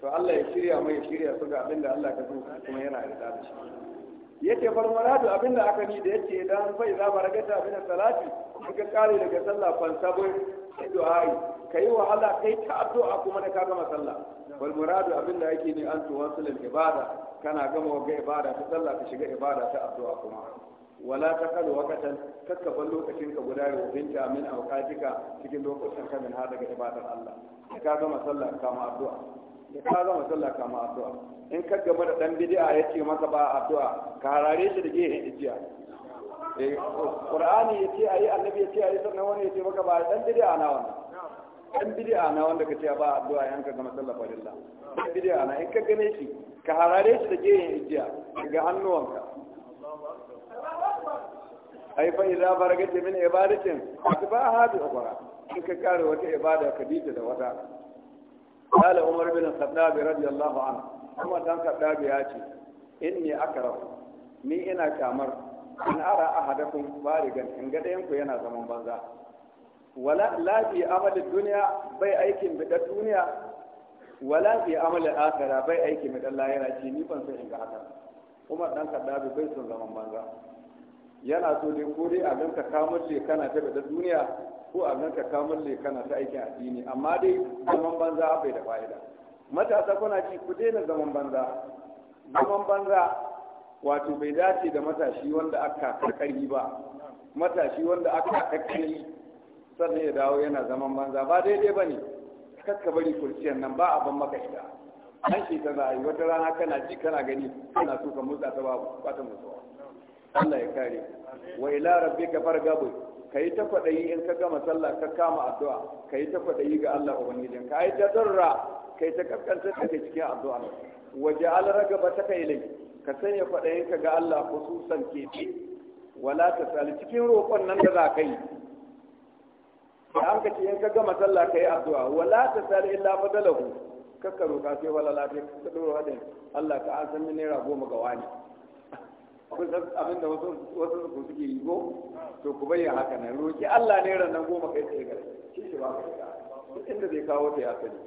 to Allah ya shirya mai shirya su ga abin da Allah ka so kuma yana da shi yace farmaradu abin da aka ni da yace idan bai za baragata abin salati ka kare daga sallah fansa bai ka kai wahala kai ta addu'a kuma da ka gama sallah wal muradu abinda yake ne an tuwasul al ibada kana gama wagga ibada ta sallah ka shiga ibada ta addu'a kuma wala taqalu waqatan kakkaban lokacin ka guda ya wajinta min awqatika cikin lokacin ka min hada ga ibadar Allah ka gama sallah ka ma addu'a in ka gama da dan bid'a yace maka ba addu'a ka harare shi da eh annabi sannan wani maka ba na dan bid'a na wanda ce ba addu'a yanka ga masallar farilla dan bid'a na in ka gane shi ka harare shi da gehen ijiya daga hannuwanka ai fa idza gaji min ibadatin haɗu bi ukhra in ka kare wata ibada ka bita da wata قال Umar bin الخطاب رضي الله عنه kuma dan Khaddab ya ce inni akrahu ni ina kamar in ara ahadakum barigan in ga dayan ku yana zaman banza wala lafi amalin duniya bai aikin bidar duniya wala fi amalin akara bai aikin bidar lahira ce ni ban san shiga haka umar dan kaddabi bai son zaman banza yana so dai ko dai a ganka kamun le kana ta bidar duniya ko a ganka kamun le kana ta aikin addini amma dai zaman banza bai da fa'ida matasa kuna ci ku daina zaman banza zaman banza wato bai dace da matashi wanda aka karkari ba matashi wanda aka karkari sannan ya dawo yana zaman banza ba daidai ba ne ka bari kurciyar nan ba abin maka ita an ke ta za yi wata rana kana ji kana gani kana so ka mutsa ta babu ba ta mutuwa Allah ya kare wa ila rabbika Ka kai ta fadayi in ka gama sallah ka kama addu'a kai ta fadayi ga Allah ubangijin ka ai ta darra kai ta kaskanta ka cikin addu'a waje al ragaba ta kai lai ka sanya fadayin ka ga Allah khususan keɓe wala ta sali cikin roƙon nan da za ka yi da an kace in ka gama sallah kai addu'a wala tasal illa fadalahu kakka roka sai wala la ta dora hadin Allah ka an san naira goma ga wani kun san abin da wasu wasu ku suke yi ko to ku bayyana haka nan roki Allah naira nan goma kai sai gare shi shi ba ka inda zai kawo ta ya sani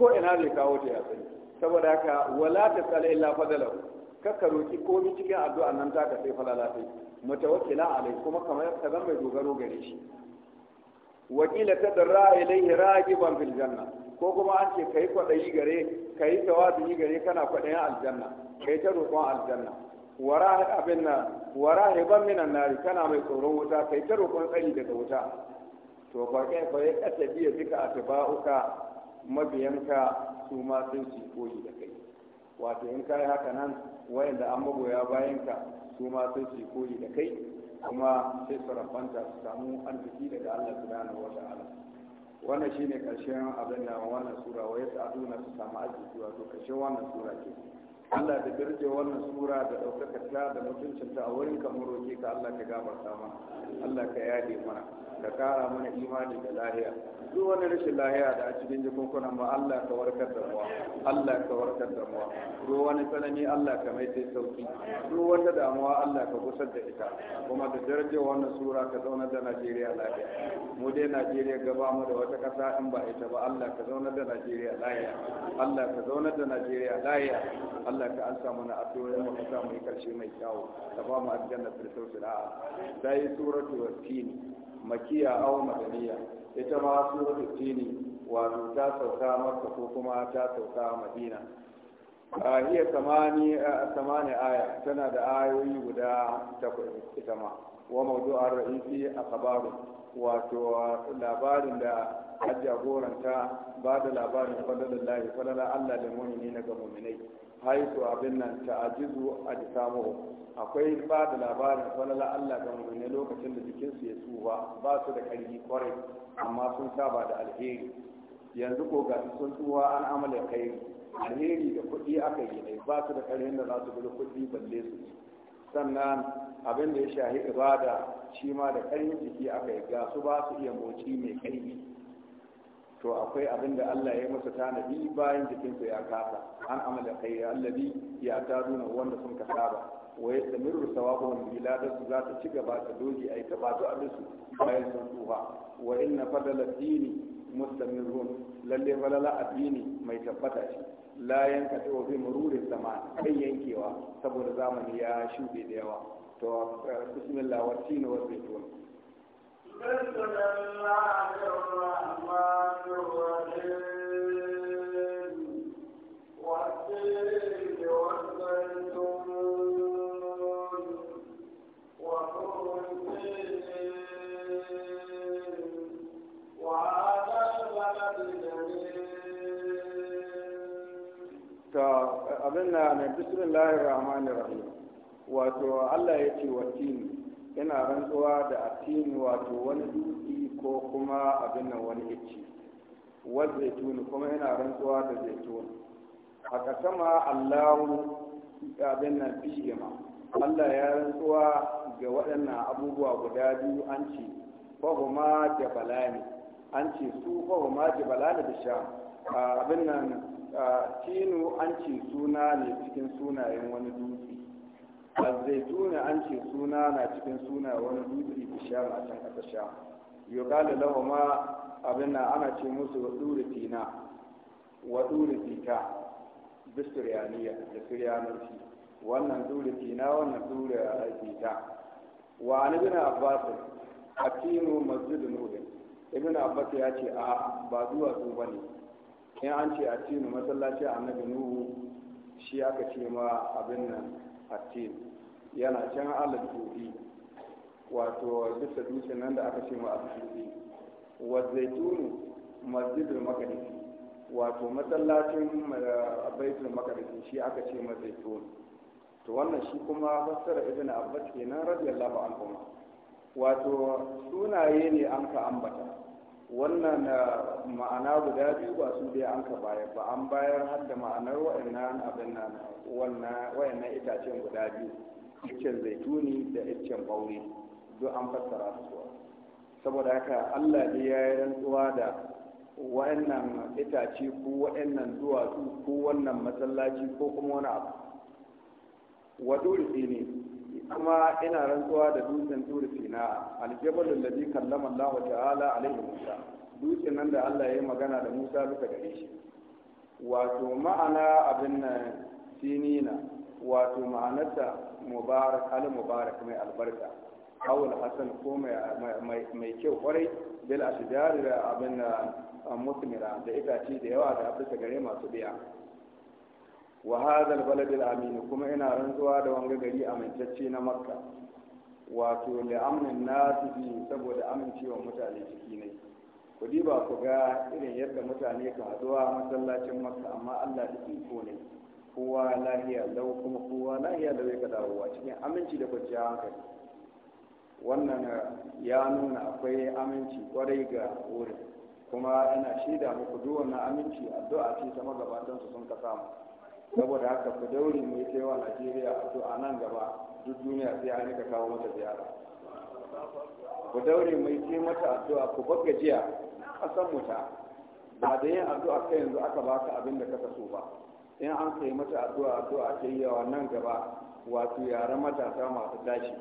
ko ina zai kawo ta ya sani saboda haka wala tasal illa fadalahu kakka roki komi cikin addu'a nan ta ka sai falala sai mutawakkila alai kuma kamar ka zama mai dogaro gare shi wakila ta ra'ayi ilaihi ragiban fil janna ko kuma an ce kai kwaɗayi gare kai yi gare kana kwaɗayin aljanna kai ta roƙon aljanna wara abin nan wara minan nari kana mai tsoron wuta kai ta roƙon tsari daga wuta to ba kai fa ya kata biya duka ba'uka mabiyanka su ma sun ci koyi da kai wato in kai haka nan wayanda an magoya bayanka su ma sun ci koyi da kai kuma sai su su samu arziki daga Allah subhanahu wa ta'ala wannan shine karshen abin da wannan sura wa na su samu arziki wato karshen wannan sura ke Allah da birge wannan sura da ɗaukaka ta da mutuncin ta a wurin kamar roke ka Allah ka gama sama, Allah ka yaɗe mana ka ƙara mana imani da lahiya duk wani rashin lahiya da a cikin jikunkunan mu Allah ka warkar da mu Allah ka warkar da mu duk wani tsanani Allah ka mai sai sauki duk wata damuwa Allah ka gusar da ita kuma da darajar wannan sura ka zauna da Najeriya lahiya mu dai Najeriya gaba mu da wata ƙasa, in ba ita ba Allah ka zauna da Najeriya lahiya Allah ka zauna da Najeriya lahiya Allah ka ansa mana addu'o'in mu ka mu karshe mai kyau ka ba mu aljanna firdausul a'la dai suratu tin makiya aw madaniya ita ma suratu tin wa ta sauka maka ko kuma ta sauka madina hiya samani samani aya tana da ayoyi guda takwas ita ma wa mawdu'ar ra'isi akhbaru wato labarin da a jagoranta ba da labarin falalar lahi falalar Allah da mu'mini na ga mu'minai haitu abin nan ta ajizu a jisamu akwai ba da labarin falala Allah ga mummune lokacin da jikinsu ya tsufa ba su da ƙarfi kwarai amma sun saba da alheri yanzu ko ga sun tsufa an amala kai alheri da kuɗi aka yi ne ba su da ƙarfin da za su bi kuɗi balle su sannan abin da ya shahi ibada shi ma da ƙarfin jiki aka yi ga su ba su iya motsi mai karfi to akwai abin da Allah ya masa tanadi bayan jikinsa ya kasa an amala kai allazi ya taduna wanda sun ka saba wa yastamiru sawabuhum bila da su za ta ci gaba ta doge ai ta bato a dusu bayan sun tsufa wa inna fadala dini mustamirun lalle falala addini mai tabbata shi la yanka ta wa bi mururin zaman kai yankewa saboda zamani ya shuɗe da yawa to bismillah wa tinu wa zaitun abin na mai bismillahir rahmanir rahim wato Allah ya ce wa tini yana rantsuwa da atini wato wani dutse ko kuma abin nan wani icci wal tuni kuma yana rantsuwa da zaituni a kasama allahu abin nan ma allah ya rantsuwa ga waɗannan abubuwa guda biyu an ce fahuma jabalani an ce su fahuma jabalani da sha abin nan tinu an ce suna ne cikin sunayen wani dutse azzaituna an ce suna na cikin suna wani dutse da sham a can ƙasa sham yuqalu ma abin nan ana ce musu wa waduritina waduritika bisuriyaniya da suriyanarci wannan duritina wannan duritika wa an ibn a atinu masjid nuhin ibn abbas ya ce a ba zuwa ba ne. in an ce a atinu masallaci annabi nuhu shi aka ce ma abin nan hatin yana can alal tufi wato bisa dutse nan da aka ce ma al-tufi wa zaitunu masjidul maqdis wato masallacin eh, baitul maqdis shi aka ce ma zaitun to wannan shi kuma fassara ibn abbas kenan radiyallahu anhu wato sunaye ne an ka ambata wannan eh, ma'ana guda biyu ba su dai an ka bayar ba an bayar har da ma'anar wa'annan abin nan wa'annan itacen guda biyu iccen zaituni da iccen bauri duk an fassara su saboda haka Allah ne ya yi rantsuwa da wa'annan itace ko wa'annan duwatsu ko wannan masallaci ko kuma wani abu wa dole ne kuma ina rantsuwa da dutsen turi sina da alladhi kallama Allah ta'ala alaihi Musa dutsen nan da Allah ya yi magana da Musa bisa gare shi wato ma'ana abin nan sinina wato ma'anarsa mubarak al mubarak mai albarka awul hasan ko mai kyau kwarai bil ashjar da abin nan mutumira da itace da yawa da bisa gare masu biya wa hadal baladil amin kuma ina rantsuwa da wanga gari amintacce na makka wato da amnin nasu bi saboda amincewa mutane ciki ne ku diba ku ga irin yadda mutane ka haduwa masallacin makka amma allah da iko ne kowa lahiya lau kuma kowa lahiya lau ya dawowa cikin aminci da kwanciyar hankali wannan ya nuna akwai aminci kwarai ga wurin kuma ina shaida muku duk aminci addu'a ce ta magabatan su sun ka samu saboda haka ku daure mu yi wa najeriya a to a nan gaba duk duniya sai an rika kawo mata ziyara ku daure mai yi mata addu'a ku baka jiya kasan mu ta ba da yin addu'a kai yanzu aka baka abin da ka so ba in an kai mata addu'a addu'a ake yi wa nan gaba wato yaren matasa masu tashi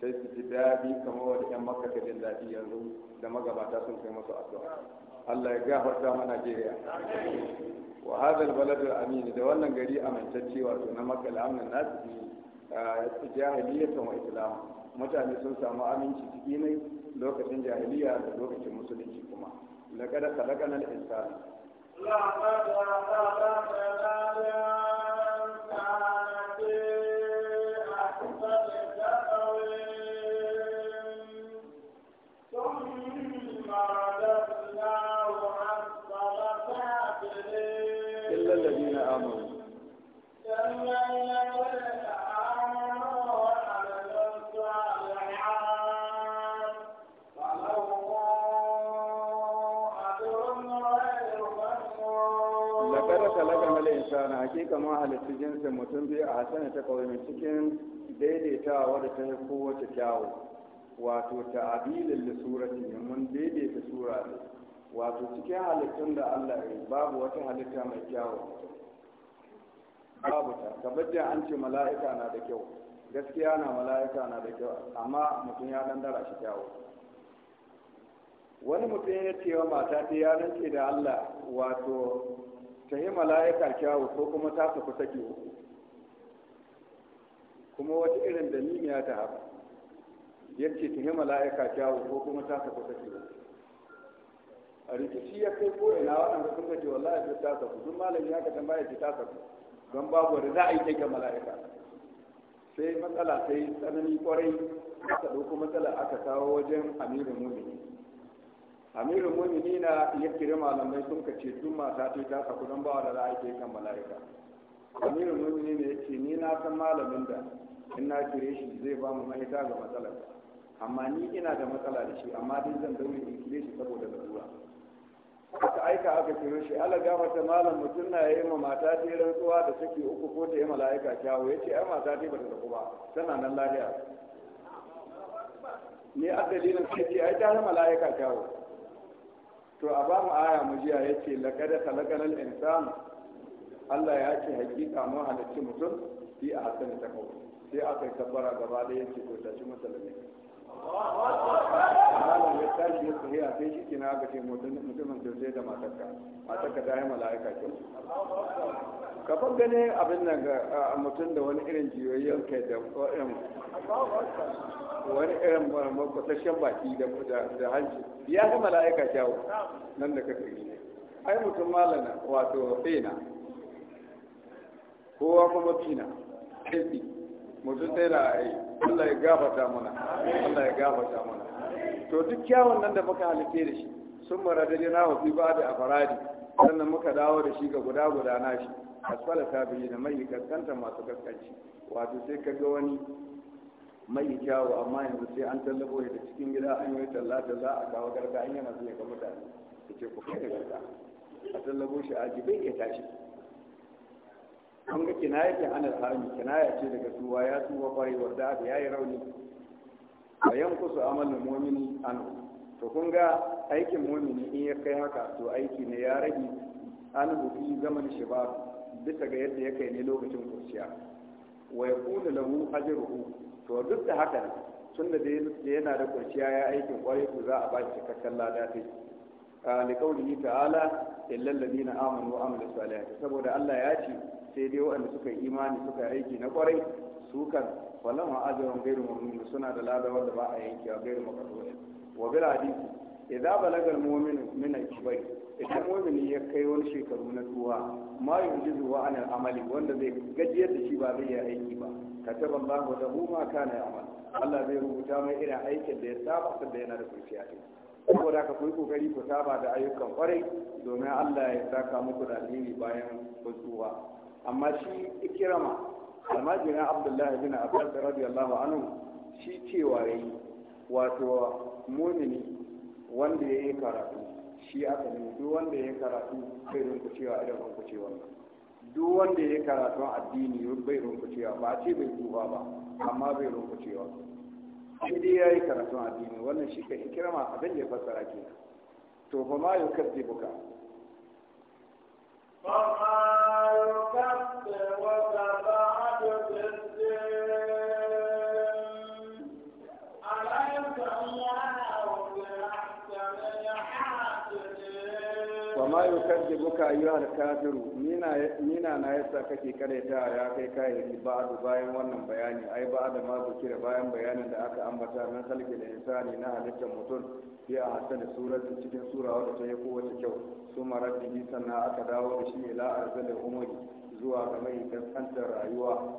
sai su ji daɗi kamar wani 'yan makaka jin daɗi yanzu da magabata sun kai masu addu'a Allah ya gafarta mana Najeriya wa hadal baladul amin da wannan gari amintacce wato na makka al-amn nasi eh, jahiliyatan wa islam mutane sun samu aminci ciki ne lokacin jahiliya da lokacin musulunci kuma laqad khalaqana al-insana laqad khalaqana hakika ma halittu jinsin mutum biyu a hasana ta kawai cikin daidaitawa da ta yi kowace kyawu wato ta abilin da surati mun daidaita sura ne wato cikin halittun da allah ya babu wata halitta mai kyawu babu ta kabajin an ce mala'ika na da kyau gaskiya na mala'ika na da kyau amma mutum ya dandara shi kyawu wani mutum ya ce wa mata ta ya ce da allah wato ta yi mala'ika kyawu ko kuma ta saku saki uku kuma wata irin ya ta haka yace ta yi mala'ika kyawu ko kuma ta saku saki uku a rikici ya kai ko ina waɗanda sun kace wallahi sai ta saku duk malam ya ka tambaya ce ta saku don babu wanda za a yi take mala'ika sai matsala sai tsanani kwarai aka ɗauko matsala aka kawo wajen amirin mumini amirul mu'minina ya kira malamai sun kace duk mata ta ta saku dan bawa da za a yi kan mala'ika amirul mu'minina ya ce ni na san malamin da in na kire shi zai ba mu mahita ga matsalar amma ni ina da matsala da shi amma dai zan daure in kire shi saboda lalura aka aika aka kiro shi ala gafarta malam mutum na yayi ma mata ta rantsuwa da take uku ko ta yi mala'ika kyawu ya ce ai mata ta bata zaku ba tana nan lafiya ne a dalilin sai ce ai ta mala'ika kyawu to a ba mu aya mu jiya yace laqad khalaqal insan Allah ya ce hakika mu halicci mutum fi a hasan ta kawo sai aka yi tabbara gaba da yace to tashi musulmi malam ya tashi ya tsaye a sai shi kina ga ce mutumin sosai da matakka, matakka ta yi mala'ika kyau Kafin gane abin nan ga mutum da wani irin jiyoyin kai da wani irin kwatashen baki da hanci ya fi mala'aika kyawu nan da kafin yi ai mutum malana wato fena kowa kuma fina kai mutum sai da ai Allah ya gafata mana Allah ya gafata mana to duk kyawun nan da muka halitta da shi sun mara da jina wa ba da faradi sannan muka dawo da shi ga guda guda na shi asfala tabi'i da mai kaskanta masu kaskanci wato sai ka ga wani mai kyawu amma yanzu sai an tallafo da cikin gida an yi talla za a kawo garga an yana zuwa ga mutane da ce ku kai da garga a tallafo shi a jibai ya tashi kun ga kinaya ta anar harami kinaya ce daga tuwa ya tuwa kwarai wadda da ya yi rauni a yankusu amalin momini ano to kun ga aikin momini in ya kai haka to aiki ne ya rage an hufi zaman shi ba. bisa ga yadda ya kai ne lokacin kurciya wa ya kuna lahu ajruhu to duk da haka tunda da yana da kurciya ya aikin kwarai to za a ba shi cikakken lada ta liqaulihi ta'ala illal ladina amanu wa amilus salihati saboda Allah ya ce sai dai waɗanda suka yi imani suka yi aiki na kwarai su kan falama ajrun ghairu mamnun suna da lada wanda ba a yankewa ghairu maqdur wa bil hadisi idza balagal mu'minu min al-kibari idan mumini ya kai wani shekaru na tuwa ma yujizu wa anil amali wanda zai gajiyar da shi ba zai yi aiki ba kataban lahu lahu ma kana amal Allah zai rubuta mai irin aikin da ya saba da yana da kurciya ne saboda ka kuyi kokari ku saba da ayyukan kwarai domin Allah ya saka muku da alheri bayan tuwa amma shi ikirama almajirin abdullahi bin abbas radiyallahu anhu shi cewa yayi wato mumini wanda ya yi karatu shi aka ne duk wanda ya karatu bai runkucewa irin runkucewa duk wanda ya karatu addini bai runkucewa ba ce bai duba ba amma bai runkucewa shi dai ya yi karatun addini wannan shi ka ikirama abin da ya fassara ke to fa ma yau kaddi buka fa ma yau kaddi wata ba ma yau kan jibuka da kafiru nina na yasa kake karaita ya kai ba da bayan wannan bayani ai da ma kira bayan bayanin da aka ambata na halki da insani na halittar mutum fi a hasan cikin sura wadda ta yi kowace kyau su maraddi sannan aka dawo da shi ila arzalin umari zuwa ga mai kaskantar rayuwa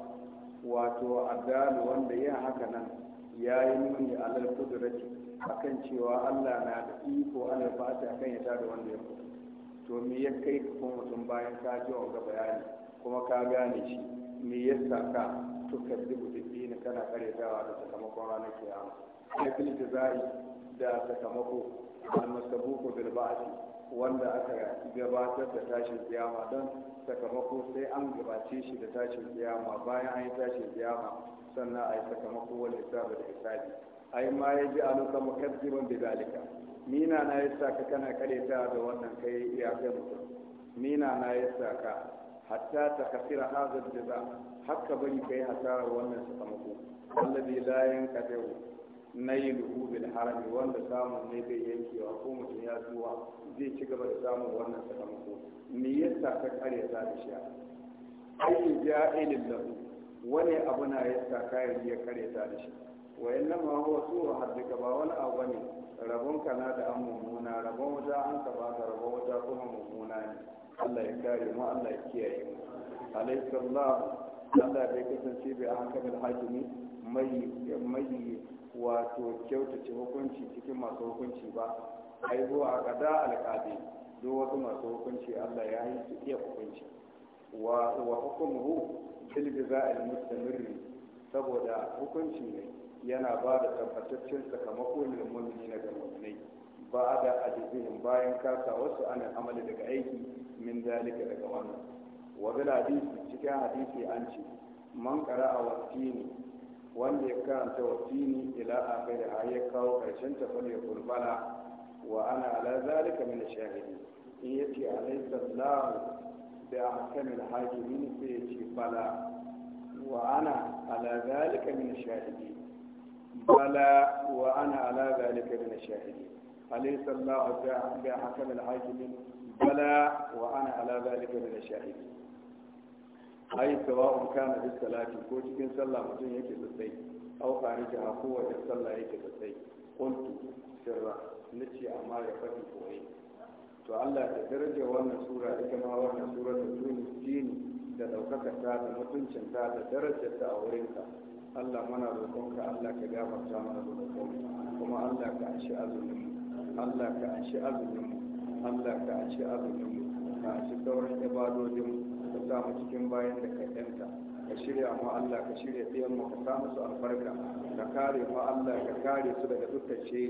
wato addalu wanda yin haka nan ya yi nuni alal kudurati akan cewa allah na da iko alal fata akan ya tada wanda ya kudu to me ya kai ka kuma mutum bayan ka ji wanga bayani kuma ka gane shi me ya saka to ka zubu da na kana karyatawa da sakamakon ranar kiyama aikin jazai da sakamako masabu ko ba'ati wanda aka gabatar da tashin kiyama don sakamako sai an gabace shi da tashin kiyama bayan an yi tashin kiyama sannan a yi sakamako wani hisabu da hisabi ai ma yaji aluka mukazziban bi bidalika mina na yasa ka kana kareta da wannan kai ya kai mutum mina na yasa ka hatta ta kasira hazar jaza haka bari kai hasara wannan sakamako allazi la yi nailuhu bil harami wanda samun ne bai wa ko mutum ya zuwa zai ci gaba da samun wannan sakamako me yasa ka kare da shi ayi ja'ilin su. wani abu na yasa kayan ya kare da shi wa innama huwa su'u haddaka ba wani abu ne rabon ka na da an mummuna rabon wuta an ka da rabon wuta kuma mummuna ne Allah ya kare mu Allah ya kiyaye mu allah sallallahu Allah bai kasance bai an kamil hakimi mai mai wato kyautace hukunci cikin masu hukunci ba ai a kada alqadi duk wasu masu hukunci Allah ya yi su iya hukunci wa wa hukumuhu bil jaza'il mustamirri saboda hukunci ne yana ba da tabbataccen sakamako ne mummuni na ga mummunai ba da ajizihim bayan kasa wasu ana amali daga aiki min zalika daga wannan wa bil hadisi cikin hadisi an ce man qara'a wasini wanda ya karanta wasini ila akhir ya kawo karshen ta fa ya wa ana ala zalika min shahidi in yace alaysa allah bi ahkamil hakimin sai yace bala wa ana ala zalika min shahidi bala wa ana ala zalika min shahidi alaysa Allah bi hakam al-hakim bala wa ana ala zalika min shahidi ai sawa'un kana bi salati ko cikin sallah mutum yake tsaye au kare ki a kowace sallah yake tsaye qultu sirra nace amma ya fadi koyi to Allah da daraja wannan sura ita ma wannan sura ta tuni da daukaka ta da mutuncin ta da darajar ta a wurinka Allah muna roƙonka Allah ka gafarta mana roƙonka kuma Allah ka ashi azumin Allah ka ashi azumin Allah ka ashi azumin ka ashi sauran ibadojin ka sa mu cikin bayan da ka yanta ka shirya mu Allah ka shirya ɗiyan mu ka sa musu albarka ka kare mu Allah ka kare su daga dukkan shiri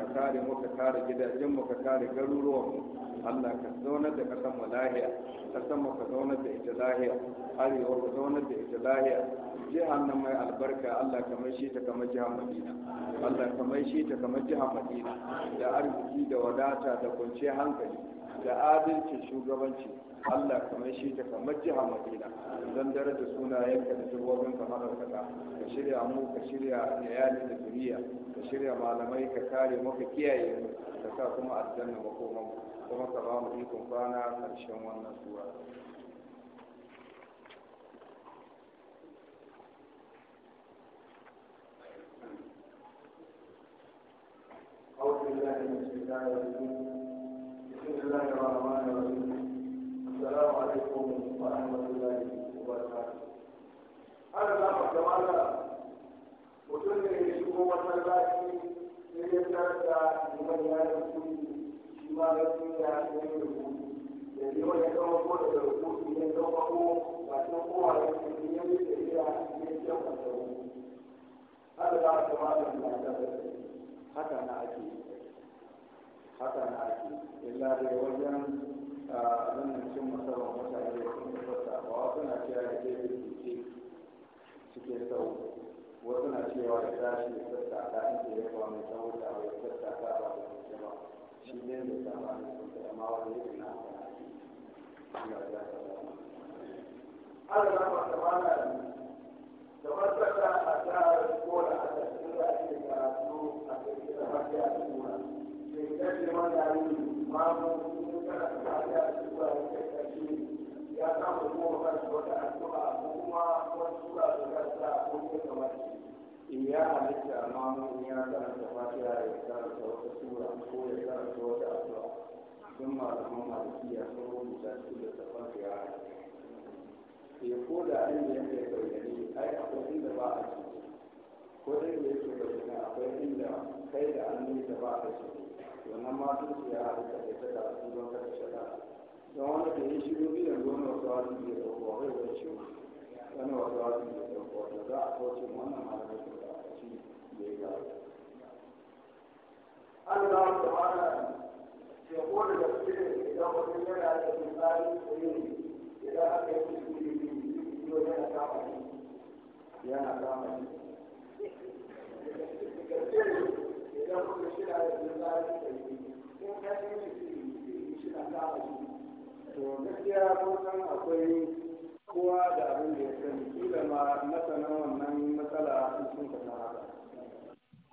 ka kare mu ka kare gidajen mu ka kare garuruwan mu Allah ka zaunar da kasan mu lahiya kasan mu ka zaunar da ita lahiya arewa ka zaunar da ita lahiya jihar nan mai albarka Allah ka mai shi ta kamar jihar Madina Allah ka mai shi ta kamar jihar Madina da arziki da wadata da kwanciyar hankali da adalci shugabanci Allah kamar shi ta kamar jiha Madina don daraja sunayenka da jirgin ka madaukaka ka shirya mu ka shirya iyali da duniya ka shirya malamai ka kare maka kiyaye mu ka sa kuma aljanna makoman kuma ka ba mu ikon kwana karshen wannan sura أعوذ بالله من الشيطان الرجيم بسم الله الرحمن الرحيم السلام عليكم ورحمة الله وبركاته أنا لا أحكم mutum ne ya yi shi ma yi da ko ko ta yi a kama haka na ake yi. haka na ake illa da wajen abin cin masarar mutane sun tafasa ba wasu na cewa da ke rikice cikin sau wasu na cewa ya tashi ya sassa da inda ya ba mai tsawo da ya sassa ta ba da kuke ba shi ne da sama ne sun tsaye ma wani yake na haka na ake ina da ta zama. Allah na ba ba na da wata ta a ta ko da aka cikin da ake karatu a cikin da ba ta yi ya halitta amma ya karanta fatiha ya karanta wata sura ko ya karanta wata da tafasiya ya ko da kai akwai inda ba a ko kai kai da an da ba a ciki wannan matan su ya halitta da ta da su don kada shaka don wanda da ya shigo gidan gona wasu wasu da ya ɗauko wani ciwo wani wasu wasu da ya ɗauko za a kauce wannan malamai su da a ci da ya gaba. Allah ta mana ya kone da su ne idan wani yana da misali da yin idan aka yi ne yana kama ne yana kama idan kuka shirya da biyu za a yi ɗari in ka yi shi shi na kama shi to gaskiya kun san akwai kowa da abin da ya sani kila ma masana wannan matsala sun ka san haka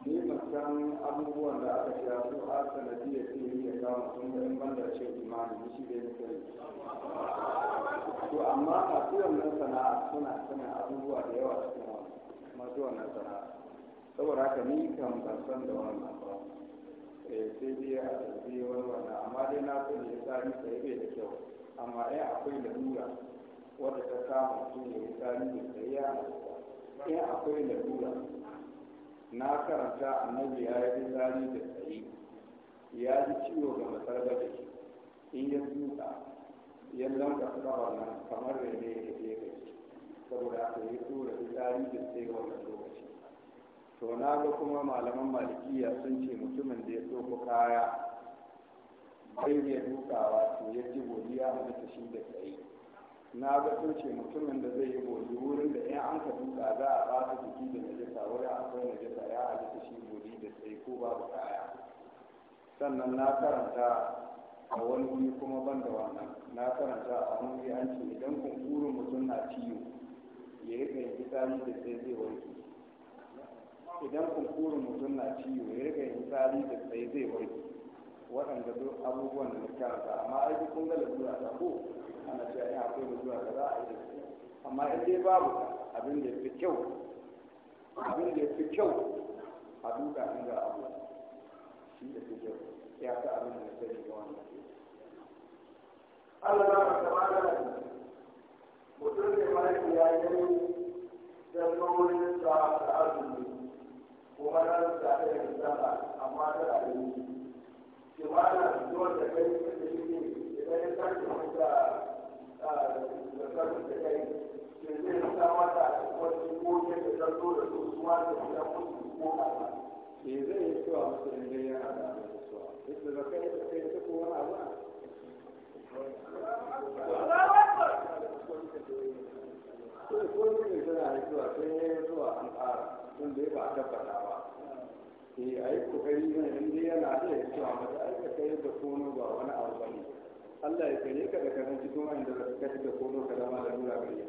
ni ban san abubuwan da aka shiga su a sanadiyar sai ya kama sun ga in banda ce imani shi da ya sani to amma masu wannan sana'a suna sanin abubuwa da yawa cikin masu wannan sana'a saboda haka ni kan ban san da wannan ba eh sai dai a tafi wani wannan amma dai na so ne ya tsari sai bai da kyau amma in akwai lalura wanda ta kama mutum ya yi tsari da sai ya in akwai lalura na karanta annabi ya yi tsari da tsaye ya ji ciwo ga masarba da shi in ya tsuka ya lanka tsawon nan kamar da ne ya ke saboda aka yi tura tsari da tsaye wannan lokaci to na ga kuma malaman malikiya sun ce mutumin da ya tsoko kaya bai ne dukawa to ya ji godiya a da shi da tsaye na ga sun ce mutumin da zai yi godi wurin da in an ka duka za a ba su jiki da na najasa wurin na jisa ya halitta shi godi da tsaye ko babu kaya sannan na karanta a wani wuri kuma ban da wannan na karanta a wani wuri an ce idan kunkurin mutum na ciwo ya yi ɗan fitsari da tsaye zai warke idan kunkurin mutum na ciwo ya riga yin tsari da tsaye zai warke waɗanda duk abubuwan da karanta amma ai kun ga zuwa da ko ana cewa ya akwai lalura da za a yi amma in dai babu abin da yake kyau abin da fi kyau a duka in ga abu shi da ke kyau ya sa abin da sani da wannan Allah ya ta ba da mutum ne mai yayin da tsohon sa farar da aka yi ba amma da abinci kimanin da kai da shi da ya sake wanda da karfin da kai ke zai nuna mata wasu koke da zarto da su suwa da gida musu ko kama ke zai yi cewa musu da ne ya hada da su suwa da yi kai ta kowa wani abu ko ko ne tana haihuwa sai ya yi zuwa an ƙara tun da ba a tabbata ba eh a yi kokari ne in dai yana da ya cewa mata ai ka kai da kono ba wani abu ba ne Allah ya kare ka da kasan cikin wanda za ka kai da kono ka zama da nura gare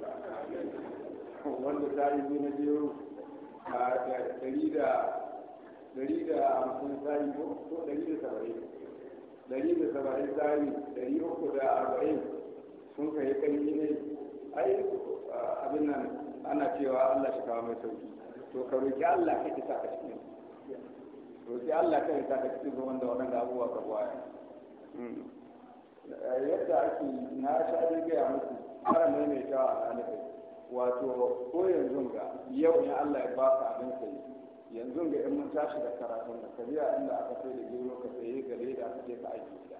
ka wanda ta yi biyu na jero a ɗari da ɗari da hamsin sa'i ko ɗari da saba'in ɗari da saba'in sa'i ɗari uku da arba'in sun kai kai ne ai abin nan ana cewa Allah shi kawo mai sauki to ka roki Allah ka ki ka cikin roki Allah ka ki saka cikin ruwan da waɗanda abubuwa ka buwaya hmm. yadda ake na sha ne gaya musu fara mai a ranar wato ko yanzu ga yau in Allah ya ba ka abin sai yanzu ga in mun tashi da karatun da ka biya inda aka sai da gero ka saye gare da aka je ka aiki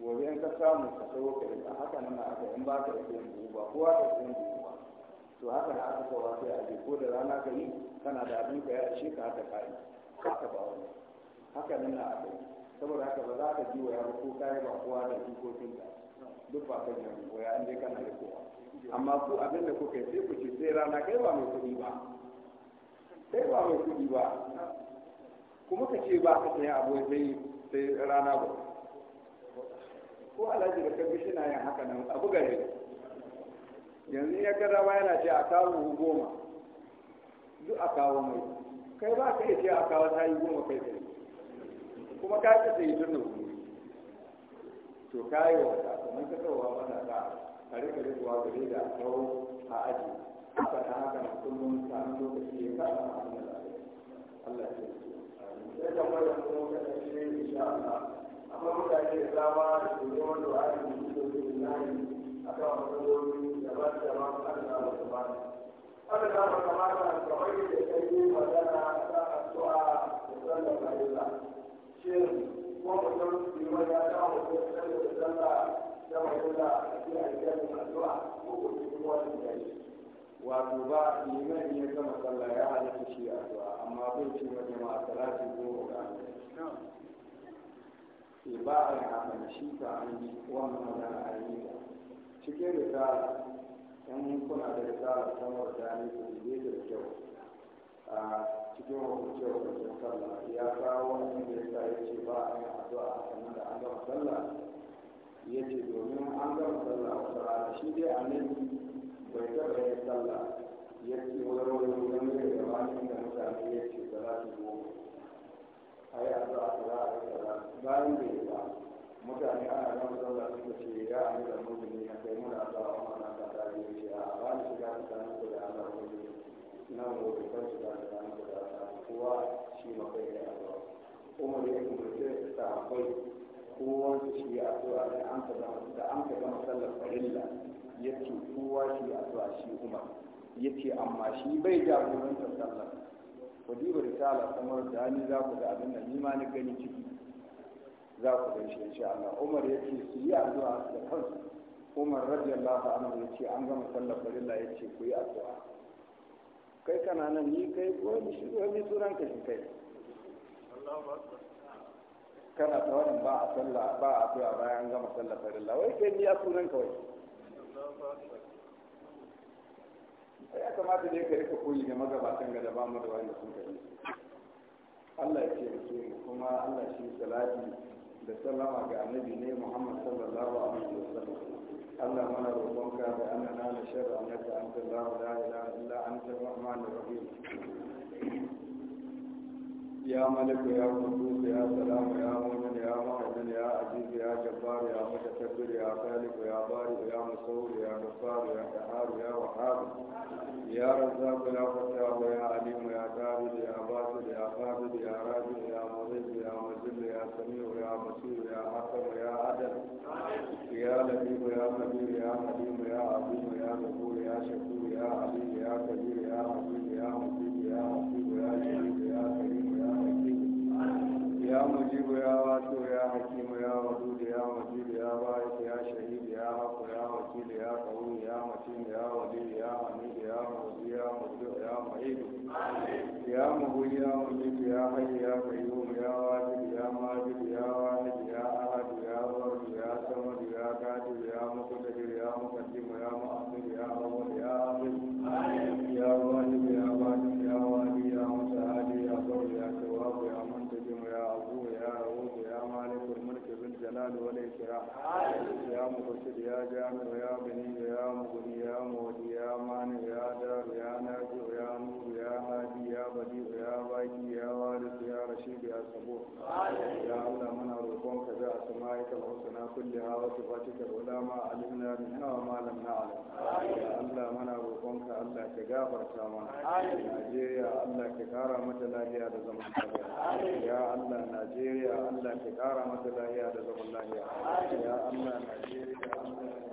gobe in ka samu ka sayo ka rika haka nan na aka in ba ka rike yin ba kowa ka rike yin ba to haka na aka kawo sai a je ko da rana ka yi kana da abin ka ya ce ka haka ka yi haka ba wani haka nan na aka yi saboda haka ba za ka ji wa yaro ko yi ba kowa da jikokin ka duk ba ka yi wa ya inda kana da kowa amma ku abin da kuka yi sai ku ce sai rana kai ba mai kuɗi ba kai ba mai kuɗi ba kuma ka ce ba ka saya abu sai rana ba ko alhaji da kabi shi na yin haka nan abu gari yanzu ya ga dama yana ce a kawo mu goma duk a kawo mai kai ba ka iya ce a kawo ta yi goma kai tsaye kuma ka ci yi tun da wuri to ka yi wa ta kuma ka kawo wa ta a rika rikuwa gare da kawo a aji haka na haka na kullum ta an lokaci ya ka a hannun Allah ya ce. Sai kamar da kuma kasance insha Allah kuma mutane da dama da ke neman du'a da ke yi da ke nani a kan matsaloli da ba su da masu an da wasu ba. Wanda za mu kamata ga wani da ya yi magana a kan addu'a da sallar farilla. Shin ko mutum bai wani ya kawo mutum sallar da sallah da farilla a cikin alƙalin addu'a ko ko cikin wani da ya wato ba liman ya gama sallah ya halatta shi addu'a amma bai ci wa jama'a salati ko ga ke ba a yi ta shi ka an yi wannan magana a yi ta cikin risala in kuna da risala ta wata ne da kyau a cikin hukunce hukuncin sallah ya kawo wani da ya yi ce ba a yi addu'a sannan da an gama sallah ya ce domin an gama sallah wata shi dai annabi bai taɓa yin sallah ya ce wani wani wani da da mutane ya ce za su goma a yi addu'a kaza a yi kaza bayan da ya mutane ana nan zauna suka ce ya amu da mujini a kai mana addu'a amma na ta da ya ce a ba ni shiga tsakanin ku da Allah mujini na mu da kan shiga tsakanin ku da Allah kowa shi makai ya addu'a kuma da ya kumurce ta akwai kowa shi ya addu'a da an ka da an ka gama sallar farilla yace kowa shi zuwa shi umar yace amma shi bai jagorantar sallar ku duba risala kuma da ni za ku ga abin da ni ma ni gani ciki za ku gan shi insha Allah Umar yace su yi addu'a da kansu Umar radiyallahu anhu yace an gama sallar farilla yace ku yi addu'a kai kana nan ni kai ni shi ni turan ka shi kai kana ta ba a sallah ba a addu'a bayan gama sallar farilla wai kai ni a turan ka wai kamata dai ka rika koyi da magabatan ga da ba mu da wani sun kare Allah ya ce kuma Allah shi salati da sallama ga annabi ne Muhammad sallallahu alaihi wasallam Allah mana roƙonka da annana na sharri annaka anta la ilaha illa anta rahmanur rahim يا ملك يا قدوس يا سلام يا مؤمن يا مهيمن يا عزيز يا جبار يا متكبر يا خالق يا بارئ يا مصور يا غفار يا قهار يا وهاب يا رزاق يا فتاح يا عليم يا قابل يا باسل يا قابل يا راجل يا مغيث يا مجل يا سميع يا بصير يا حكم يا عدل يا لطيف يا خبير يا حليم يا عظيم يا غفور يا شكور يا عليم يا كبير يا حكيم يا مجيد يا حسيب يا شهيد يا كريم ya mujibu ya wato ya hakimu ya wadudu ya mujibu ya barik ya shahid ya haku ya wakil ya kawun ya matin ya wali ya hamid ya mazi ya mudu ya mu'idu ya muhu ya mujibu ya hayy ya qayyum ya wajid ya majid ya wahid كلها وصفاتك العلى ما علمنا منها وما لم نعلم يا الله منا روقونك الله كغافر سامنا نيجيريا الله كقارا متى لاهيا ده زمان يا الله نيجيريا الله كقارا متى لاهيا ده زمان يا الله نيجيريا الله